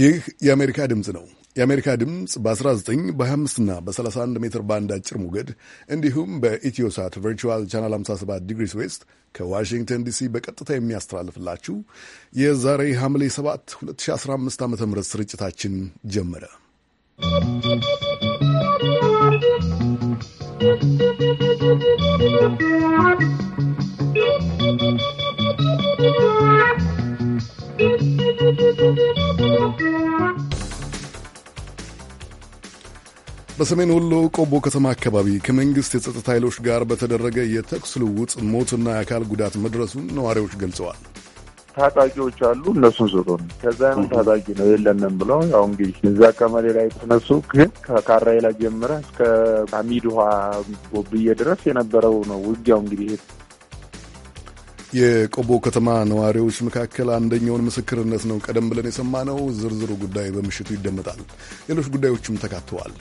ይህ የአሜሪካ ድምፅ ነው። የአሜሪካ ድምፅ በ19 በ25ና በ31 ሜትር ባንድ አጭር ሞገድ እንዲሁም በኢትዮሳት ቨርቹዋል ቻናል 57 ዲግሪስ ዌስት ከዋሽንግተን ዲሲ በቀጥታ የሚያስተላልፍላችሁ የዛሬ ሐምሌ 7 2015 ዓ ም ስርጭታችን ጀመረ። ¶¶ በሰሜን ወሎ ቆቦ ከተማ አካባቢ ከመንግሥት የጸጥታ ኃይሎች ጋር በተደረገ የተኩስ ልውውጥ ሞትና የአካል ጉዳት መድረሱን ነዋሪዎች ገልጸዋል። ታጣቂዎች አሉ። እነሱን ዞሮ ነው ከዛ ታጣቂ ነው የለንም ብለው ያው እንግዲህ እዛ ቀመሌ ላይ ተነሱ። ግን ከካራይላ ጀምረ እስከ አሚድ ውሃ ጎብዬ ድረስ የነበረው ነው ውጊያው እንግዲህ የቆቦ ከተማ ነዋሪዎች መካከል አንደኛውን ምስክርነት ነው ቀደም ብለን የሰማነው። ዝርዝሩ ጉዳይ በምሽቱ ይደመጣል። ሌሎች ጉዳዮችም ተካተዋል።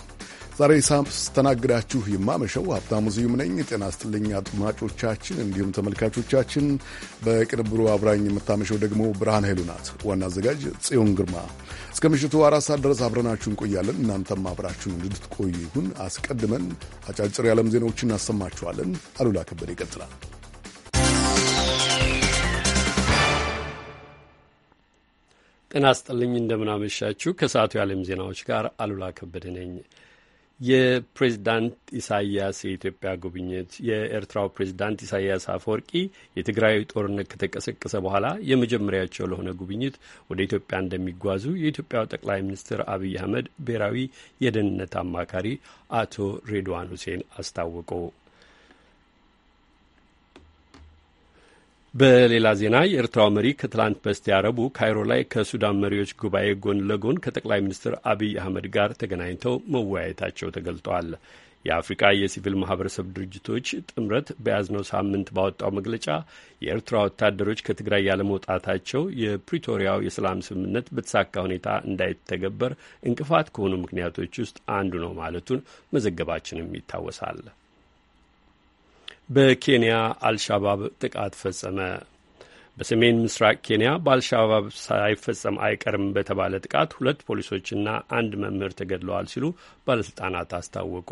ዛሬ ሳስተናግዳችሁ የማመሸው ሀብታሙ ዝዩም ነኝ። ጤና ይስጥልኝ አድማጮቻችን፣ እንዲሁም ተመልካቾቻችን። በቅንብሩ አብራኝ የምታመሸው ደግሞ ብርሃን ኃይሉ ናት። ዋና አዘጋጅ ጽዮን ግርማ። እስከ ምሽቱ አራት ሰዓት ድረስ አብረናችሁ እንቆያለን። እናንተም አብራችሁን እንድትቆዩ ይሁን። አስቀድመን አጫጭር የዓለም ዜናዎች እናሰማችኋለን። አሉላ ከበደ ይቀጥላል። ጤና ይስጥልኝ እንደምናመሻችሁ። ከሰዓቱ የዓለም ዜናዎች ጋር አሉላ ከበደ ነኝ። የፕሬዝዳንት ኢሳያስ የኢትዮጵያ ጉብኝት የኤርትራው ፕሬዝዳንት ኢሳያስ አፈወርቂ የትግራይ ጦርነት ከተቀሰቀሰ በኋላ የመጀመሪያቸው ለሆነ ጉብኝት ወደ ኢትዮጵያ እንደሚጓዙ የኢትዮጵያው ጠቅላይ ሚኒስትር አብይ አህመድ ብሔራዊ የደህንነት አማካሪ አቶ ሬድዋን ሁሴን አስታወቁ። በሌላ ዜና የኤርትራው መሪ ከትላንት በስቲያ ረቡዕ ካይሮ ላይ ከሱዳን መሪዎች ጉባኤ ጎን ለጎን ከጠቅላይ ሚኒስትር አብይ አህመድ ጋር ተገናኝተው መወያየታቸው ተገልጧል። የአፍሪቃ የሲቪል ማህበረሰብ ድርጅቶች ጥምረት በያዝነው ሳምንት ባወጣው መግለጫ የኤርትራ ወታደሮች ከትግራይ ያለመውጣታቸው የፕሪቶሪያው የሰላም ስምምነት በተሳካ ሁኔታ እንዳይተገበር እንቅፋት ከሆኑ ምክንያቶች ውስጥ አንዱ ነው ማለቱን መዘገባችንም ይታወሳል። በኬንያ አልሻባብ ጥቃት ፈጸመ። በሰሜን ምስራቅ ኬንያ በአልሻባብ ሳይፈጸም አይቀርም በተባለ ጥቃት ሁለት ፖሊሶችና አንድ መምህር ተገድለዋል ሲሉ ባለሥልጣናት አስታወቁ።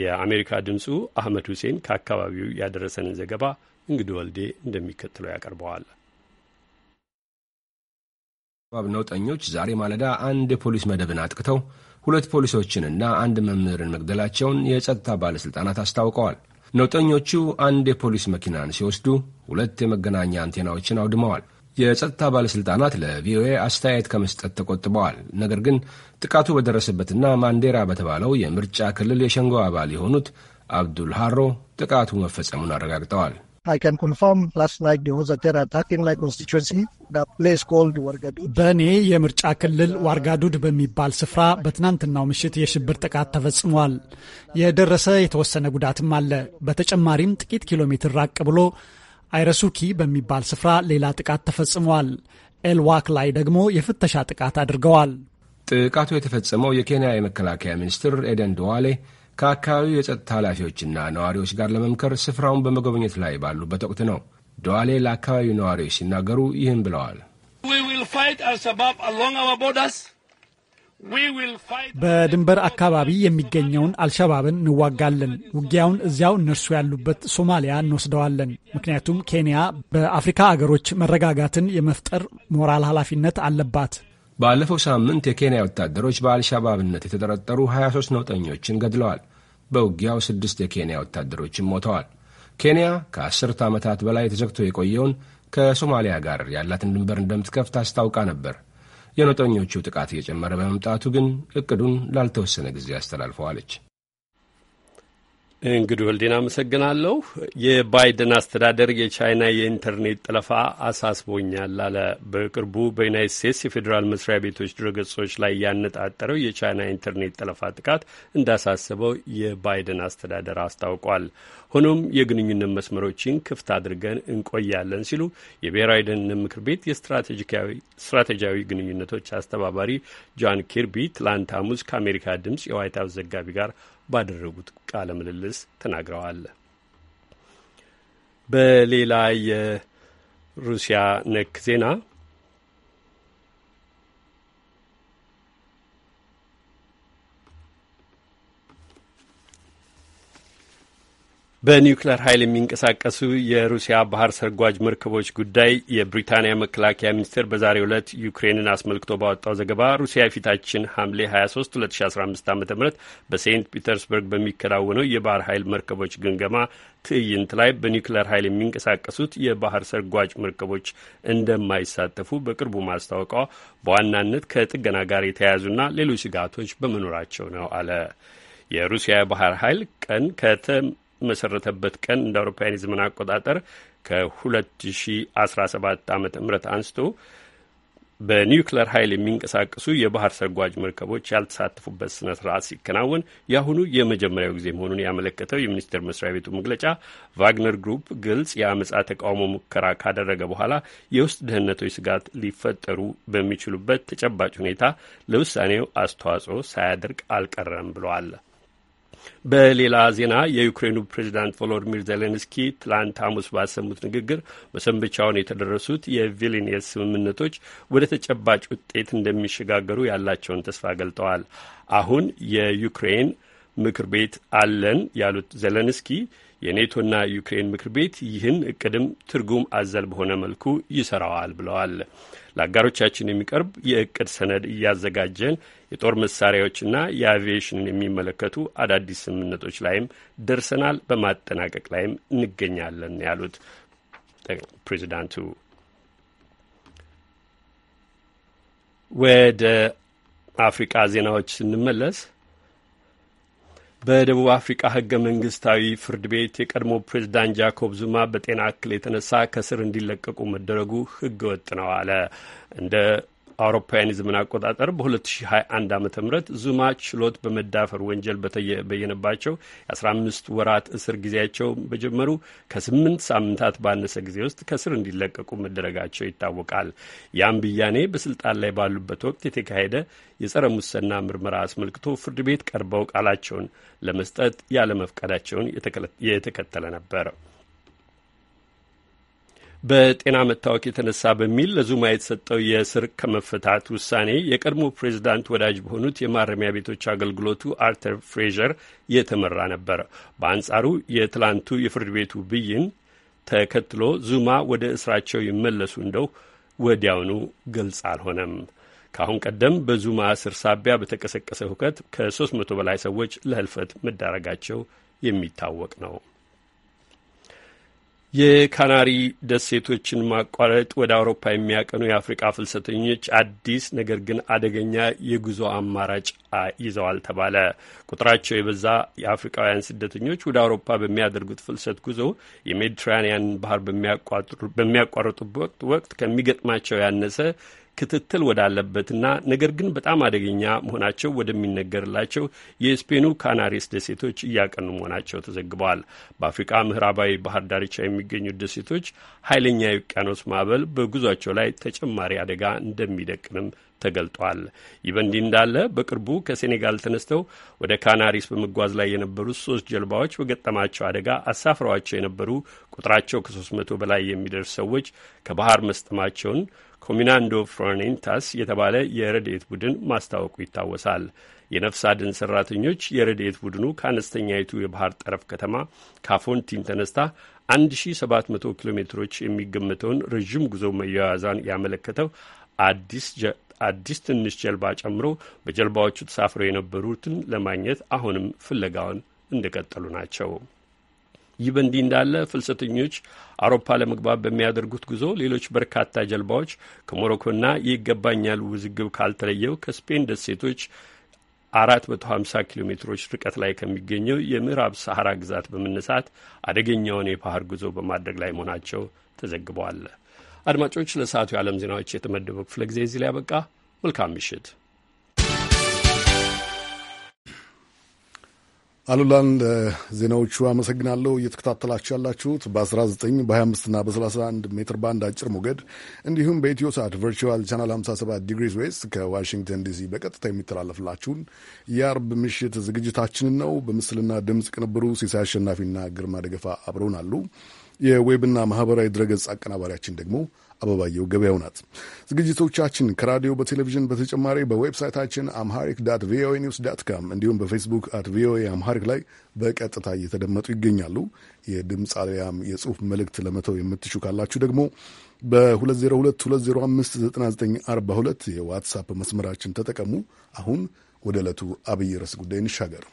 የአሜሪካ ድምፁ አህመድ ሁሴን ከአካባቢው ያደረሰንን ዘገባ እንግዲህ ወልዴ እንደሚከተለው ያቀርበዋል። አልሻባብ ነውጠኞች ዛሬ ማለዳ አንድ የፖሊስ መደብን አጥቅተው ሁለት ፖሊሶችንና አንድ መምህርን መግደላቸውን የጸጥታ ባለሥልጣናት አስታውቀዋል። ነውጠኞቹ አንድ የፖሊስ መኪናን ሲወስዱ ሁለት የመገናኛ አንቴናዎችን አውድመዋል። የጸጥታ ባለሥልጣናት ለቪኦኤ አስተያየት ከመስጠት ተቆጥበዋል። ነገር ግን ጥቃቱ በደረሰበትና ማንዴራ በተባለው የምርጫ ክልል የሸንጎ አባል የሆኑት አብዱል ሃሮ ጥቃቱ መፈጸሙን አረጋግጠዋል። በእኔ የምርጫ ክልል ዋርጋዱድ በሚባል ስፍራ በትናንትናው ምሽት የሽብር ጥቃት ተፈጽሟል። የደረሰ የተወሰነ ጉዳትም አለ። በተጨማሪም ጥቂት ኪሎ ሜትር ራቅ ብሎ አይረሱኪ በሚባል ስፍራ ሌላ ጥቃት ተፈጽሟል። ኤልዋክ ላይ ደግሞ የፍተሻ ጥቃት አድርገዋል። ጥቃቱ የተፈጸመው የኬንያ የመከላከያ ሚኒስትር ኤደን ዶዋሌ ከአካባቢው የጸጥታ ኃላፊዎችና ነዋሪዎች ጋር ለመምከር ስፍራውን በመጎብኘት ላይ ባሉበት ወቅት ነው። ደዋሌ ለአካባቢው ነዋሪዎች ሲናገሩ ይህን ብለዋል። በድንበር አካባቢ የሚገኘውን አልሸባብን እንዋጋለን። ውጊያውን እዚያው እነርሱ ያሉበት ሶማሊያ እንወስደዋለን። ምክንያቱም ኬንያ በአፍሪካ አገሮች መረጋጋትን የመፍጠር ሞራል ኃላፊነት አለባት። ባለፈው ሳምንት የኬንያ ወታደሮች በአልሻባብነት የተጠረጠሩ 23 ነውጠኞችን ገድለዋል። በውጊያው ስድስት የኬንያ ወታደሮችም ሞተዋል። ኬንያ ከአስርት ዓመታት በላይ ተዘግቶ የቆየውን ከሶማሊያ ጋር ያላትን ድንበር እንደምትከፍት አስታውቃ ነበር። የነውጠኞቹ ጥቃት እየጨመረ በመምጣቱ ግን እቅዱን ላልተወሰነ ጊዜ አስተላልፈዋለች። እንግዲህ ወልዴን አመሰግናለሁ። የባይደን አስተዳደር የቻይና የኢንተርኔት ጥለፋ አሳስቦኛል አለ። በቅርቡ በዩናይት ስቴትስ የፌዴራል መስሪያ ቤቶች ድረገጾች ላይ ያነጣጠረው የቻይና ኢንተርኔት ጥለፋ ጥቃት እንዳሳሰበው የባይደን አስተዳደር አስታውቋል። ሆኖም የግንኙነት መስመሮችን ክፍት አድርገን እንቆያለን ሲሉ የብሔራዊ ደህንነት ምክር ቤት የስትራቴጂያዊ ግንኙነቶች አስተባባሪ ጆን ኪርቢ ትላንት ሐሙስ ከአሜሪካ ድምፅ የዋይት ሀውስ ዘጋቢ ጋር ባደረጉት ቃለ ምልልስ ተናግረዋል። በሌላ የሩሲያ ነክ ዜና በኒውክሌር ኃይል የሚንቀሳቀሱ የሩሲያ ባህር ሰርጓጅ መርከቦች ጉዳይ የብሪታንያ መከላከያ ሚኒስቴር በዛሬው ዕለት ዩክሬንን አስመልክቶ ባወጣው ዘገባ ሩሲያ የፊታችን ሐምሌ 23 2015 ዓ ም በሴንት ፒተርስበርግ በሚከናወነው የባህር ኃይል መርከቦች ግምገማ ትዕይንት ላይ በኒውክሌር ኃይል የሚንቀሳቀሱት የባህር ሰርጓጅ መርከቦች እንደማይሳተፉ በቅርቡ ማስታወቋ በዋናነት ከጥገና ጋር የተያያዙና ሌሎች ስጋቶች በመኖራቸው ነው አለ። የሩሲያ ባህር ኃይል ቀን መሰረተበት ቀን እንደ አውሮፓውያን የዘመን አቆጣጠር ከ2017 ዓ ም አንስቶ በኒውክለር ኃይል የሚንቀሳቀሱ የባህር ሰርጓጅ መርከቦች ያልተሳተፉበት ስነ ስርዓት ሲከናወን የአሁኑ የመጀመሪያው ጊዜ መሆኑን ያመለከተው የሚኒስቴር መስሪያ ቤቱ መግለጫ ቫግነር ግሩፕ ግልጽ የአመፃ ተቃውሞ ሙከራ ካደረገ በኋላ የውስጥ ደህንነቶች ስጋት ሊፈጠሩ በሚችሉበት ተጨባጭ ሁኔታ ለውሳኔው አስተዋጽኦ ሳያደርግ አልቀረም ብለዋል። በሌላ ዜና የዩክሬኑ ፕሬዚዳንት ቮሎዲሚር ዜሌንስኪ ትላንት ሐሙስ ባሰሙት ንግግር መሰንበቻውን የተደረሱት የቪሊኒየስ ስምምነቶች ወደ ተጨባጭ ውጤት እንደሚሸጋገሩ ያላቸውን ተስፋ ገልጠዋል። አሁን የዩክሬን ምክር ቤት አለን ያሉት ዜሌንስኪ የኔቶና ዩክሬን ምክር ቤት ይህን እቅድም ትርጉም አዘል በሆነ መልኩ ይሰራዋል ብለዋል። ለአጋሮቻችን የሚቀርብ የእቅድ ሰነድ እያዘጋጀን የጦር መሳሪያዎችና የአቪዬሽንን የሚመለከቱ አዳዲስ ስምምነቶች ላይም ደርሰናል፣ በማጠናቀቅ ላይም እንገኛለን ያሉት ፕሬዚዳንቱ ወደ አፍሪቃ ዜናዎች ስንመለስ በደቡብ አፍሪካ ህገ መንግስታዊ ፍርድ ቤት የቀድሞ ፕሬዝዳንት ጃኮብ ዙማ በጤና እክል የተነሳ ከስር እንዲለቀቁ መደረጉ ህገ ወጥ ነው አለ። እንደ አውሮፓውያን የዘመን አቆጣጠር በ2021 ዓ ም ዙማ ችሎት በመዳፈር ወንጀል በተበየነባቸው የ15 ወራት እስር ጊዜያቸው በጀመሩ ከ8 ሳምንታት ባነሰ ጊዜ ውስጥ ከስር እንዲለቀቁ መደረጋቸው ይታወቃል። ያም ብያኔ በስልጣን ላይ ባሉበት ወቅት የተካሄደ የጸረ ሙስና ምርመራ አስመልክቶ ፍርድ ቤት ቀርበው ቃላቸውን ለመስጠት ያለመፍቀዳቸውን የተከተለ ነበር። በጤና መታወክ የተነሳ በሚል ለዙማ የተሰጠው የእስር ከመፈታት ውሳኔ የቀድሞ ፕሬዚዳንት ወዳጅ በሆኑት የማረሚያ ቤቶች አገልግሎቱ አርተር ፍሬዠር የተመራ ነበር። በአንጻሩ የትላንቱ የፍርድ ቤቱ ብይን ተከትሎ ዙማ ወደ እስራቸው ይመለሱ እንደው ወዲያውኑ ግልጽ አልሆነም። ከአሁን ቀደም በዙማ እስር ሳቢያ በተቀሰቀሰ ሁከት ከ300 በላይ ሰዎች ለህልፈት መዳረጋቸው የሚታወቅ ነው። የካናሪ ደሴቶችን ማቋረጥ ወደ አውሮፓ የሚያቀኑ የአፍሪቃ ፍልሰተኞች አዲስ ነገር ግን አደገኛ የጉዞ አማራጭ ይዘዋል ተባለ። ቁጥራቸው የበዛ የአፍሪቃውያን ስደተኞች ወደ አውሮፓ በሚያደርጉት ፍልሰት ጉዞ የሜዲትራኒያን ባህር በሚያቋርጡበት ወቅት ከሚገጥማቸው ያነሰ ክትትል ወዳለበትና ነገር ግን በጣም አደገኛ መሆናቸው ወደሚነገርላቸው የስፔኑ ካናሪስ ደሴቶች እያቀኑ መሆናቸው ተዘግበዋል። በአፍሪቃ ምዕራባዊ ባህር ዳርቻ የሚገኙት ደሴቶች ኃይለኛ የውቅያኖስ ማዕበል በጉዟቸው ላይ ተጨማሪ አደጋ እንደሚደቅንም ተገልጧል። ይህ በእንዲህ እንዳለ በቅርቡ ከሴኔጋል ተነስተው ወደ ካናሪስ በመጓዝ ላይ የነበሩት ሶስት ጀልባዎች በገጠማቸው አደጋ አሳፍረዋቸው የነበሩ ቁጥራቸው ከሶስት መቶ በላይ የሚደርስ ሰዎች ከባህር መስጠማቸውን ኮሚናንዶ ፍሮኔንታስ የተባለ የረድኤት ቡድን ማስታወቁ ይታወሳል። የነፍስ አድን ሰራተኞች የረድኤት ቡድኑ ከአነስተኛይቱ የባህር ጠረፍ ከተማ ካፎንቲን ተነስታ 1700 ኪሎ ሜትሮች የሚገመተውን ረዥም ጉዞ መያያዛን ያመለከተው አዲስ አዲስ ትንሽ ጀልባ ጨምሮ በጀልባዎቹ ተሳፍረው የነበሩትን ለማግኘት አሁንም ፍለጋውን እንደቀጠሉ ናቸው። ይህ በእንዲህ እንዳለ ፍልሰተኞች አውሮፓ ለመግባት በሚያደርጉት ጉዞ ሌሎች በርካታ ጀልባዎች ከሞሮኮና ይገባኛል ውዝግብ ካልተለየው ከስፔን ደሴቶች አራት መቶ ሀምሳ ኪሎ ሜትሮች ርቀት ላይ ከሚገኘው የምዕራብ ሰሐራ ግዛት በመነሳት አደገኛውን የባህር ጉዞ በማድረግ ላይ መሆናቸው ተዘግበዋል። አድማጮች፣ ለሰዓቱ የዓለም ዜናዎች የተመደበው ክፍለ ጊዜ እዚህ ላይ ያበቃ። መልካም ምሽት። አሉላን ለዜናዎቹ አመሰግናለሁ። እየተከታተላችሁ ያላችሁት በ19 በ25ና በ31 ሜትር ባንድ አጭር ሞገድ እንዲሁም በኢትዮ ሰዓት ቨርቹዋል ቻናል 57 ዲግሪስ ዌስት ከዋሽንግተን ዲሲ በቀጥታ የሚተላለፍላችሁን የአርብ ምሽት ዝግጅታችንን ነው። በምስልና ድምፅ ቅንብሩ ሲሳይ አሸናፊና ግርማ ደገፋ አብረውን አሉ። የዌብና ማህበራዊ ድረገጽ አቀናባሪያችን ደግሞ አበባየው ገበያው ናት። ዝግጅቶቻችን ከራዲዮ በቴሌቪዥን በተጨማሪ በዌብሳይታችን አምሃሪክ ዳት ቪኦኤ ኒውስ ዳት ካም እንዲሁም በፌስቡክ አት ቪኦኤ አምሃሪክ ላይ በቀጥታ እየተደመጡ ይገኛሉ። የድምፅ አሊያም የጽሁፍ መልእክት ለመተው የምትሹ ካላችሁ ደግሞ በ2022059942 የዋትሳፕ መስመራችን ተጠቀሙ። አሁን ወደ ዕለቱ አብይ ርዕስ ጉዳይ እንሻገር።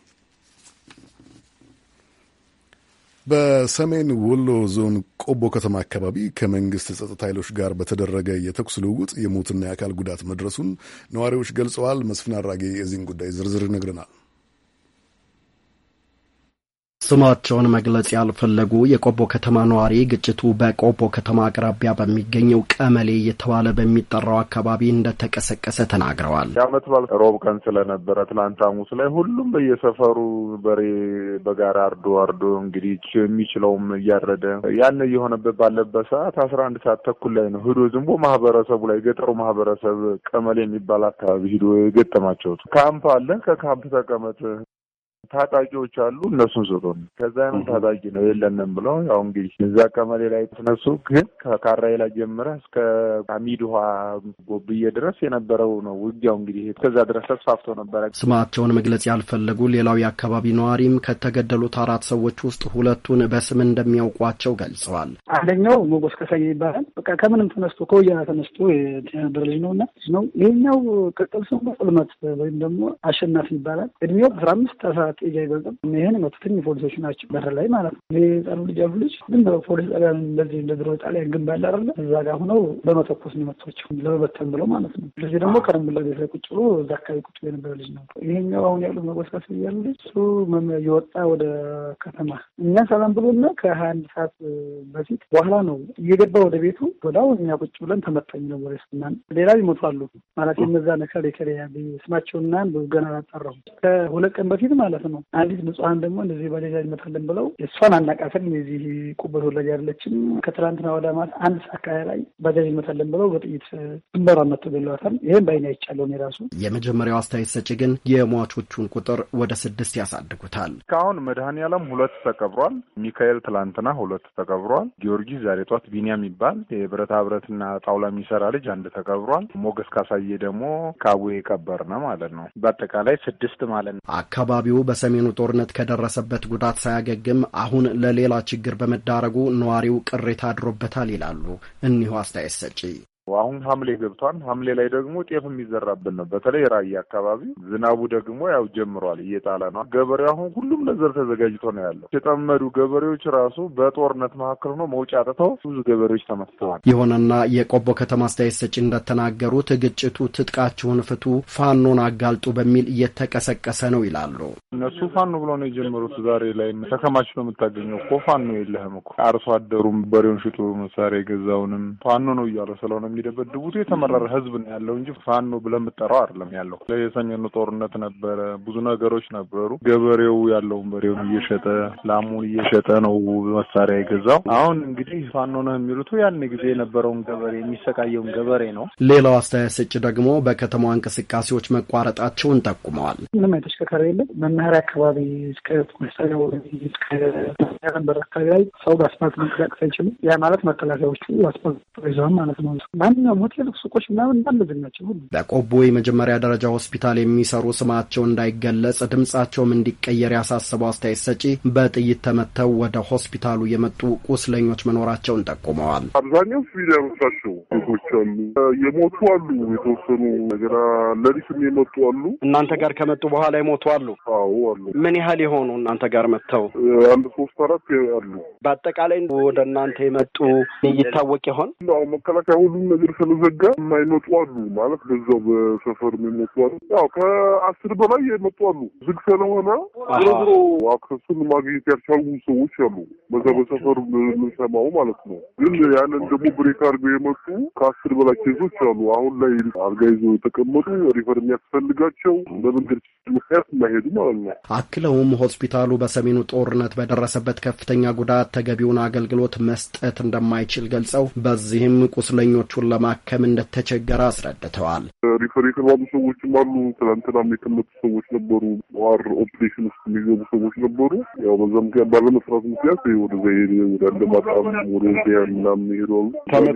በሰሜን ወሎ ዞን ቆቦ ከተማ አካባቢ ከመንግስት ጸጥታ ኃይሎች ጋር በተደረገ የተኩስ ልውውጥ የሞትና የአካል ጉዳት መድረሱን ነዋሪዎች ገልጸዋል። መስፍን አራጌ የዚህን ጉዳይ ዝርዝር ይነግረናል። ስማቸውን መግለጽ ያልፈለጉ የቆቦ ከተማ ነዋሪ ግጭቱ በቆቦ ከተማ አቅራቢያ በሚገኘው ቀመሌ እየተባለ በሚጠራው አካባቢ እንደተቀሰቀሰ ተናግረዋል። የዓመት በዓል ሮብ ቀን ስለነበረ ትላንት ሐሙስ ላይ ሁሉም በየሰፈሩ በሬ በጋራ አርዶ አርዶ እንግዲህ የሚችለውም እያረደ ያን እየሆነበት ባለበት ሰዓት አስራ አንድ ሰዓት ተኩል ላይ ነው ሂዶ ዝንቦ ማህበረሰቡ ላይ ገጠሩ ማህበረሰብ ቀመሌ የሚባል አካባቢ ሂዶ የገጠማቸው ካምፕ አለ ከካምፕ ተቀመጥ ታጣቂዎች አሉ። እነሱን ስጡን። ከዛ ታጣቂ ነው የለንም ብለው ያው እንግዲህ እዛ ቀመሌ ላይ ተነሱ። ግን ከካራይላ ጀምረ እስከ አሚድ ውሃ ጎብዬ ድረስ የነበረው ነው ውጊያው። እንግዲህ እስከዛ ድረስ ተስፋፍቶ ነበረ። ስማቸውን መግለጽ ያልፈለጉ ሌላው የአካባቢ ነዋሪም ከተገደሉት አራት ሰዎች ውስጥ ሁለቱን በስም እንደሚያውቋቸው ገልጸዋል። አንደኛው ሞጎስ ከሰየ ይባላል። በቃ ከምንም ተነስቶ ከወያ ተነስቶ የነበረ ልጅ ነው እና ነው ይህኛው ቅጥል ስሙ ጥልመት ወይም ደግሞ አሸናፊ ይባላል። እድሜው አስራ አምስት አስራ ጥጃ አይበልጥም። ይህን መቱትኝ ፖሊሶች ናቸው በር ላይ ማለት ነው። የህፃኑ ልጅ አሉ ልጅ ግን በፖሊስ ጣቢያን እንደዚህ እንደ ድሮ ጣሊያን ግን ባለ አለ እዛ ጋር ሆነው በመተኮስ ነው የመቷቸው ለመበተን ብለው ማለት ነው። ልጅ ደግሞ ቀደም ብሎ ቤት ላይ ቁጭ ብሎ እዛ አካባቢ ቁጭ የነበረ ልጅ ነው። ይሄኛው አሁን ያሉ መጎስቀስ ያሉ ልጅ እሱ የወጣ ወደ ከተማ እኛ ሰላም ብሎና ከሀያ አንድ ሰዓት በፊት በኋላ ነው እየገባ ወደ ቤቱ ወዳው እኛ ቁጭ ብለን ተመታኝ ነው ወደ ስና ሌላ ይሞቱ አሉ ማለት የነዛ ነከሌ ከሌ ስማቸውና ገና አላጣራሁም ከሁለት ቀን በፊት ማለት ነው ነው። አንዲት ንጹሐን ደግሞ እንደዚህ በሌላ ይመታለን ብለው እሷን አናቃተን የዚህ ቁበት ወለጅ አይደለችም። ከትላንትና ወደ ማለት አንድ አካባቢ ላይ ባጃጅ ይመታለን ብለው በጥይት ግንባሯ መቶ ገለዋታል። ይህም በአይን አይቻለውን የራሱ የመጀመሪያው አስተያየት ሰጪ ግን የሟቾቹን ቁጥር ወደ ስድስት ያሳድጉታል። እስካሁን መድኃኔዓለም ሁለት ተቀብሯል። ሚካኤል ትላንትና ሁለት ተቀብሯል። ጊዮርጊስ ዛሬ ጧት ቢኒያም የሚባል የብረታ ብረትና ጣውላ የሚሰራ ልጅ አንድ ተቀብሯል። ሞገስ ካሳዬ ደግሞ ካቡ የቀበር ነው ማለት ነው። በአጠቃላይ ስድስት ማለት ነው። አካባቢው በ ከሰሜኑ ጦርነት ከደረሰበት ጉዳት ሳያገግም አሁን ለሌላ ችግር በመዳረጉ ነዋሪው ቅሬታ አድሮበታል ይላሉ እኒሁ አስተያየት ሰጪ። አሁን ሐምሌ ገብቷል። ሐምሌ ላይ ደግሞ ጤፍ የሚዘራብን ነው። በተለይ ራያ አካባቢ ዝናቡ ደግሞ ያው ጀምሯል፣ እየጣለ ነው። ገበሬው አሁን ሁሉም ለዘር ተዘጋጅቶ ነው ያለው። የጠመዱ ገበሬዎች ራሱ በጦርነት መካከል ነው መውጫ አጥተው ብዙ ገበሬዎች ተመስተዋል። የሆነና የቆቦ ከተማ አስተያየት ሰጪ እንደተናገሩት ግጭቱ ትጥቃችሁን ፍቱ፣ ፋኖን አጋልጡ በሚል እየተቀሰቀሰ ነው ይላሉ። እነሱ ፋኖ ብሎ ነው የጀመሩት። ዛሬ ላይ ተከማች ነው የምታገኘው እኮ ፋኖ የለህም እኮ አርሶ አደሩም በሬውን ሽጡ መሳሪያ የገዛውንም ፋኖ ነው እያለ ስለሆነ የሚደበድቡት የተመረረ ህዝብ ነው ያለው እንጂ ፋኖ ብለህ የምጠራው አይደለም ያለው። የሰሜኑ ጦርነት ነበረ፣ ብዙ ነገሮች ነበሩ። ገበሬው ያለውን በሬውን እየሸጠ ላሙን እየሸጠ ነው መሳሪያ የገዛው። አሁን እንግዲህ ፋኖ ነው የሚሉት ያን ጊዜ የነበረውን ገበሬ የሚሰቃየውን ገበሬ ነው። ሌላው አስተያየት ሰጭ ደግሞ በከተማዋ እንቅስቃሴዎች መቋረጣቸውን ጠቁመዋል። ምንም ተሽከርካሪ የለም። መናኸሪያ አካባቢ እስከ መሳሪያው እስከ አካባቢ ላይ ሰው በአስፋልት መንቀሳቀስ አይችሉም። ያ ማለት መከላከያዎቹ አስፋልት ይዘዋል ማለት ነው። ማንኛውም ሆቴል፣ ሱቆች ምናምን እንዳለዝን ናቸው ሁሉ። በቆቦ የመጀመሪያ ደረጃ ሆስፒታል የሚሰሩ ስማቸው እንዳይገለጽ ድምጻቸውም እንዲቀየር ያሳሰበው አስተያየት ሰጪ በጥይት ተመተው ወደ ሆስፒታሉ የመጡ ቁስለኞች መኖራቸውን ጠቁመዋል። አብዛኛው ሲቪሊያኖች ናቸው። ሴቶች አሉ፣ የሞቱ አሉ፣ የተወሰኑ ነገራ ለሊትም የመጡ አሉ። እናንተ ጋር ከመጡ በኋላ የሞቱ አሉ? አዎ አሉ። ምን ያህል የሆኑ እናንተ ጋር መጥተው? አንድ ሶስት አራት አሉ። በአጠቃላይ ወደ እናንተ የመጡ ይታወቅ ይሆን? መከላከያ ሁሉም ነገር ስለዘጋ የማይመጡ አሉ ማለት ከዛው በሰፈር የሚመጡ አሉ። ያው ከአስር በላይ የመጡ አሉ። ዝግ ስለሆነ ሮሮ አክሰሱን ማግኘት ያልቻሉ ሰዎች አሉ። በዛ በሰፈሩ የምንሰማው ማለት ነው። ግን ያንን ደግሞ ብሬክ አድርገው የመጡ ከአስር በላይ ኬዞች አሉ። አሁን ላይ አልጋ ይዘው የተቀመጡ ሪፈር የሚያስፈልጋቸው በመንገድ ምክንያት የማይሄዱ ማለት ነው። አክለውም ሆስፒታሉ በሰሜኑ ጦርነት በደረሰበት ከፍተኛ ጉዳት ተገቢውን አገልግሎት መስጠት እንደማይችል ገልጸው በዚህም ቁስለኞቹ ታማሚዎቹን ለማከም እንደተቸገረ አስረድተዋል። ሪፈር የተባሉ ሰዎችም አሉ። ትናንትናም የተመቱ ሰዎች ነበሩ። ዋር ኦፕሬሽን ውስጥ የሚገቡ ሰዎች ነበሩ። ያው በዛ ምክንያት ባለመስራት ምክንያት ወደዛ ሄ ወደ አለማጣም ወደ ዚያን ምናምን ሄደዋሉ።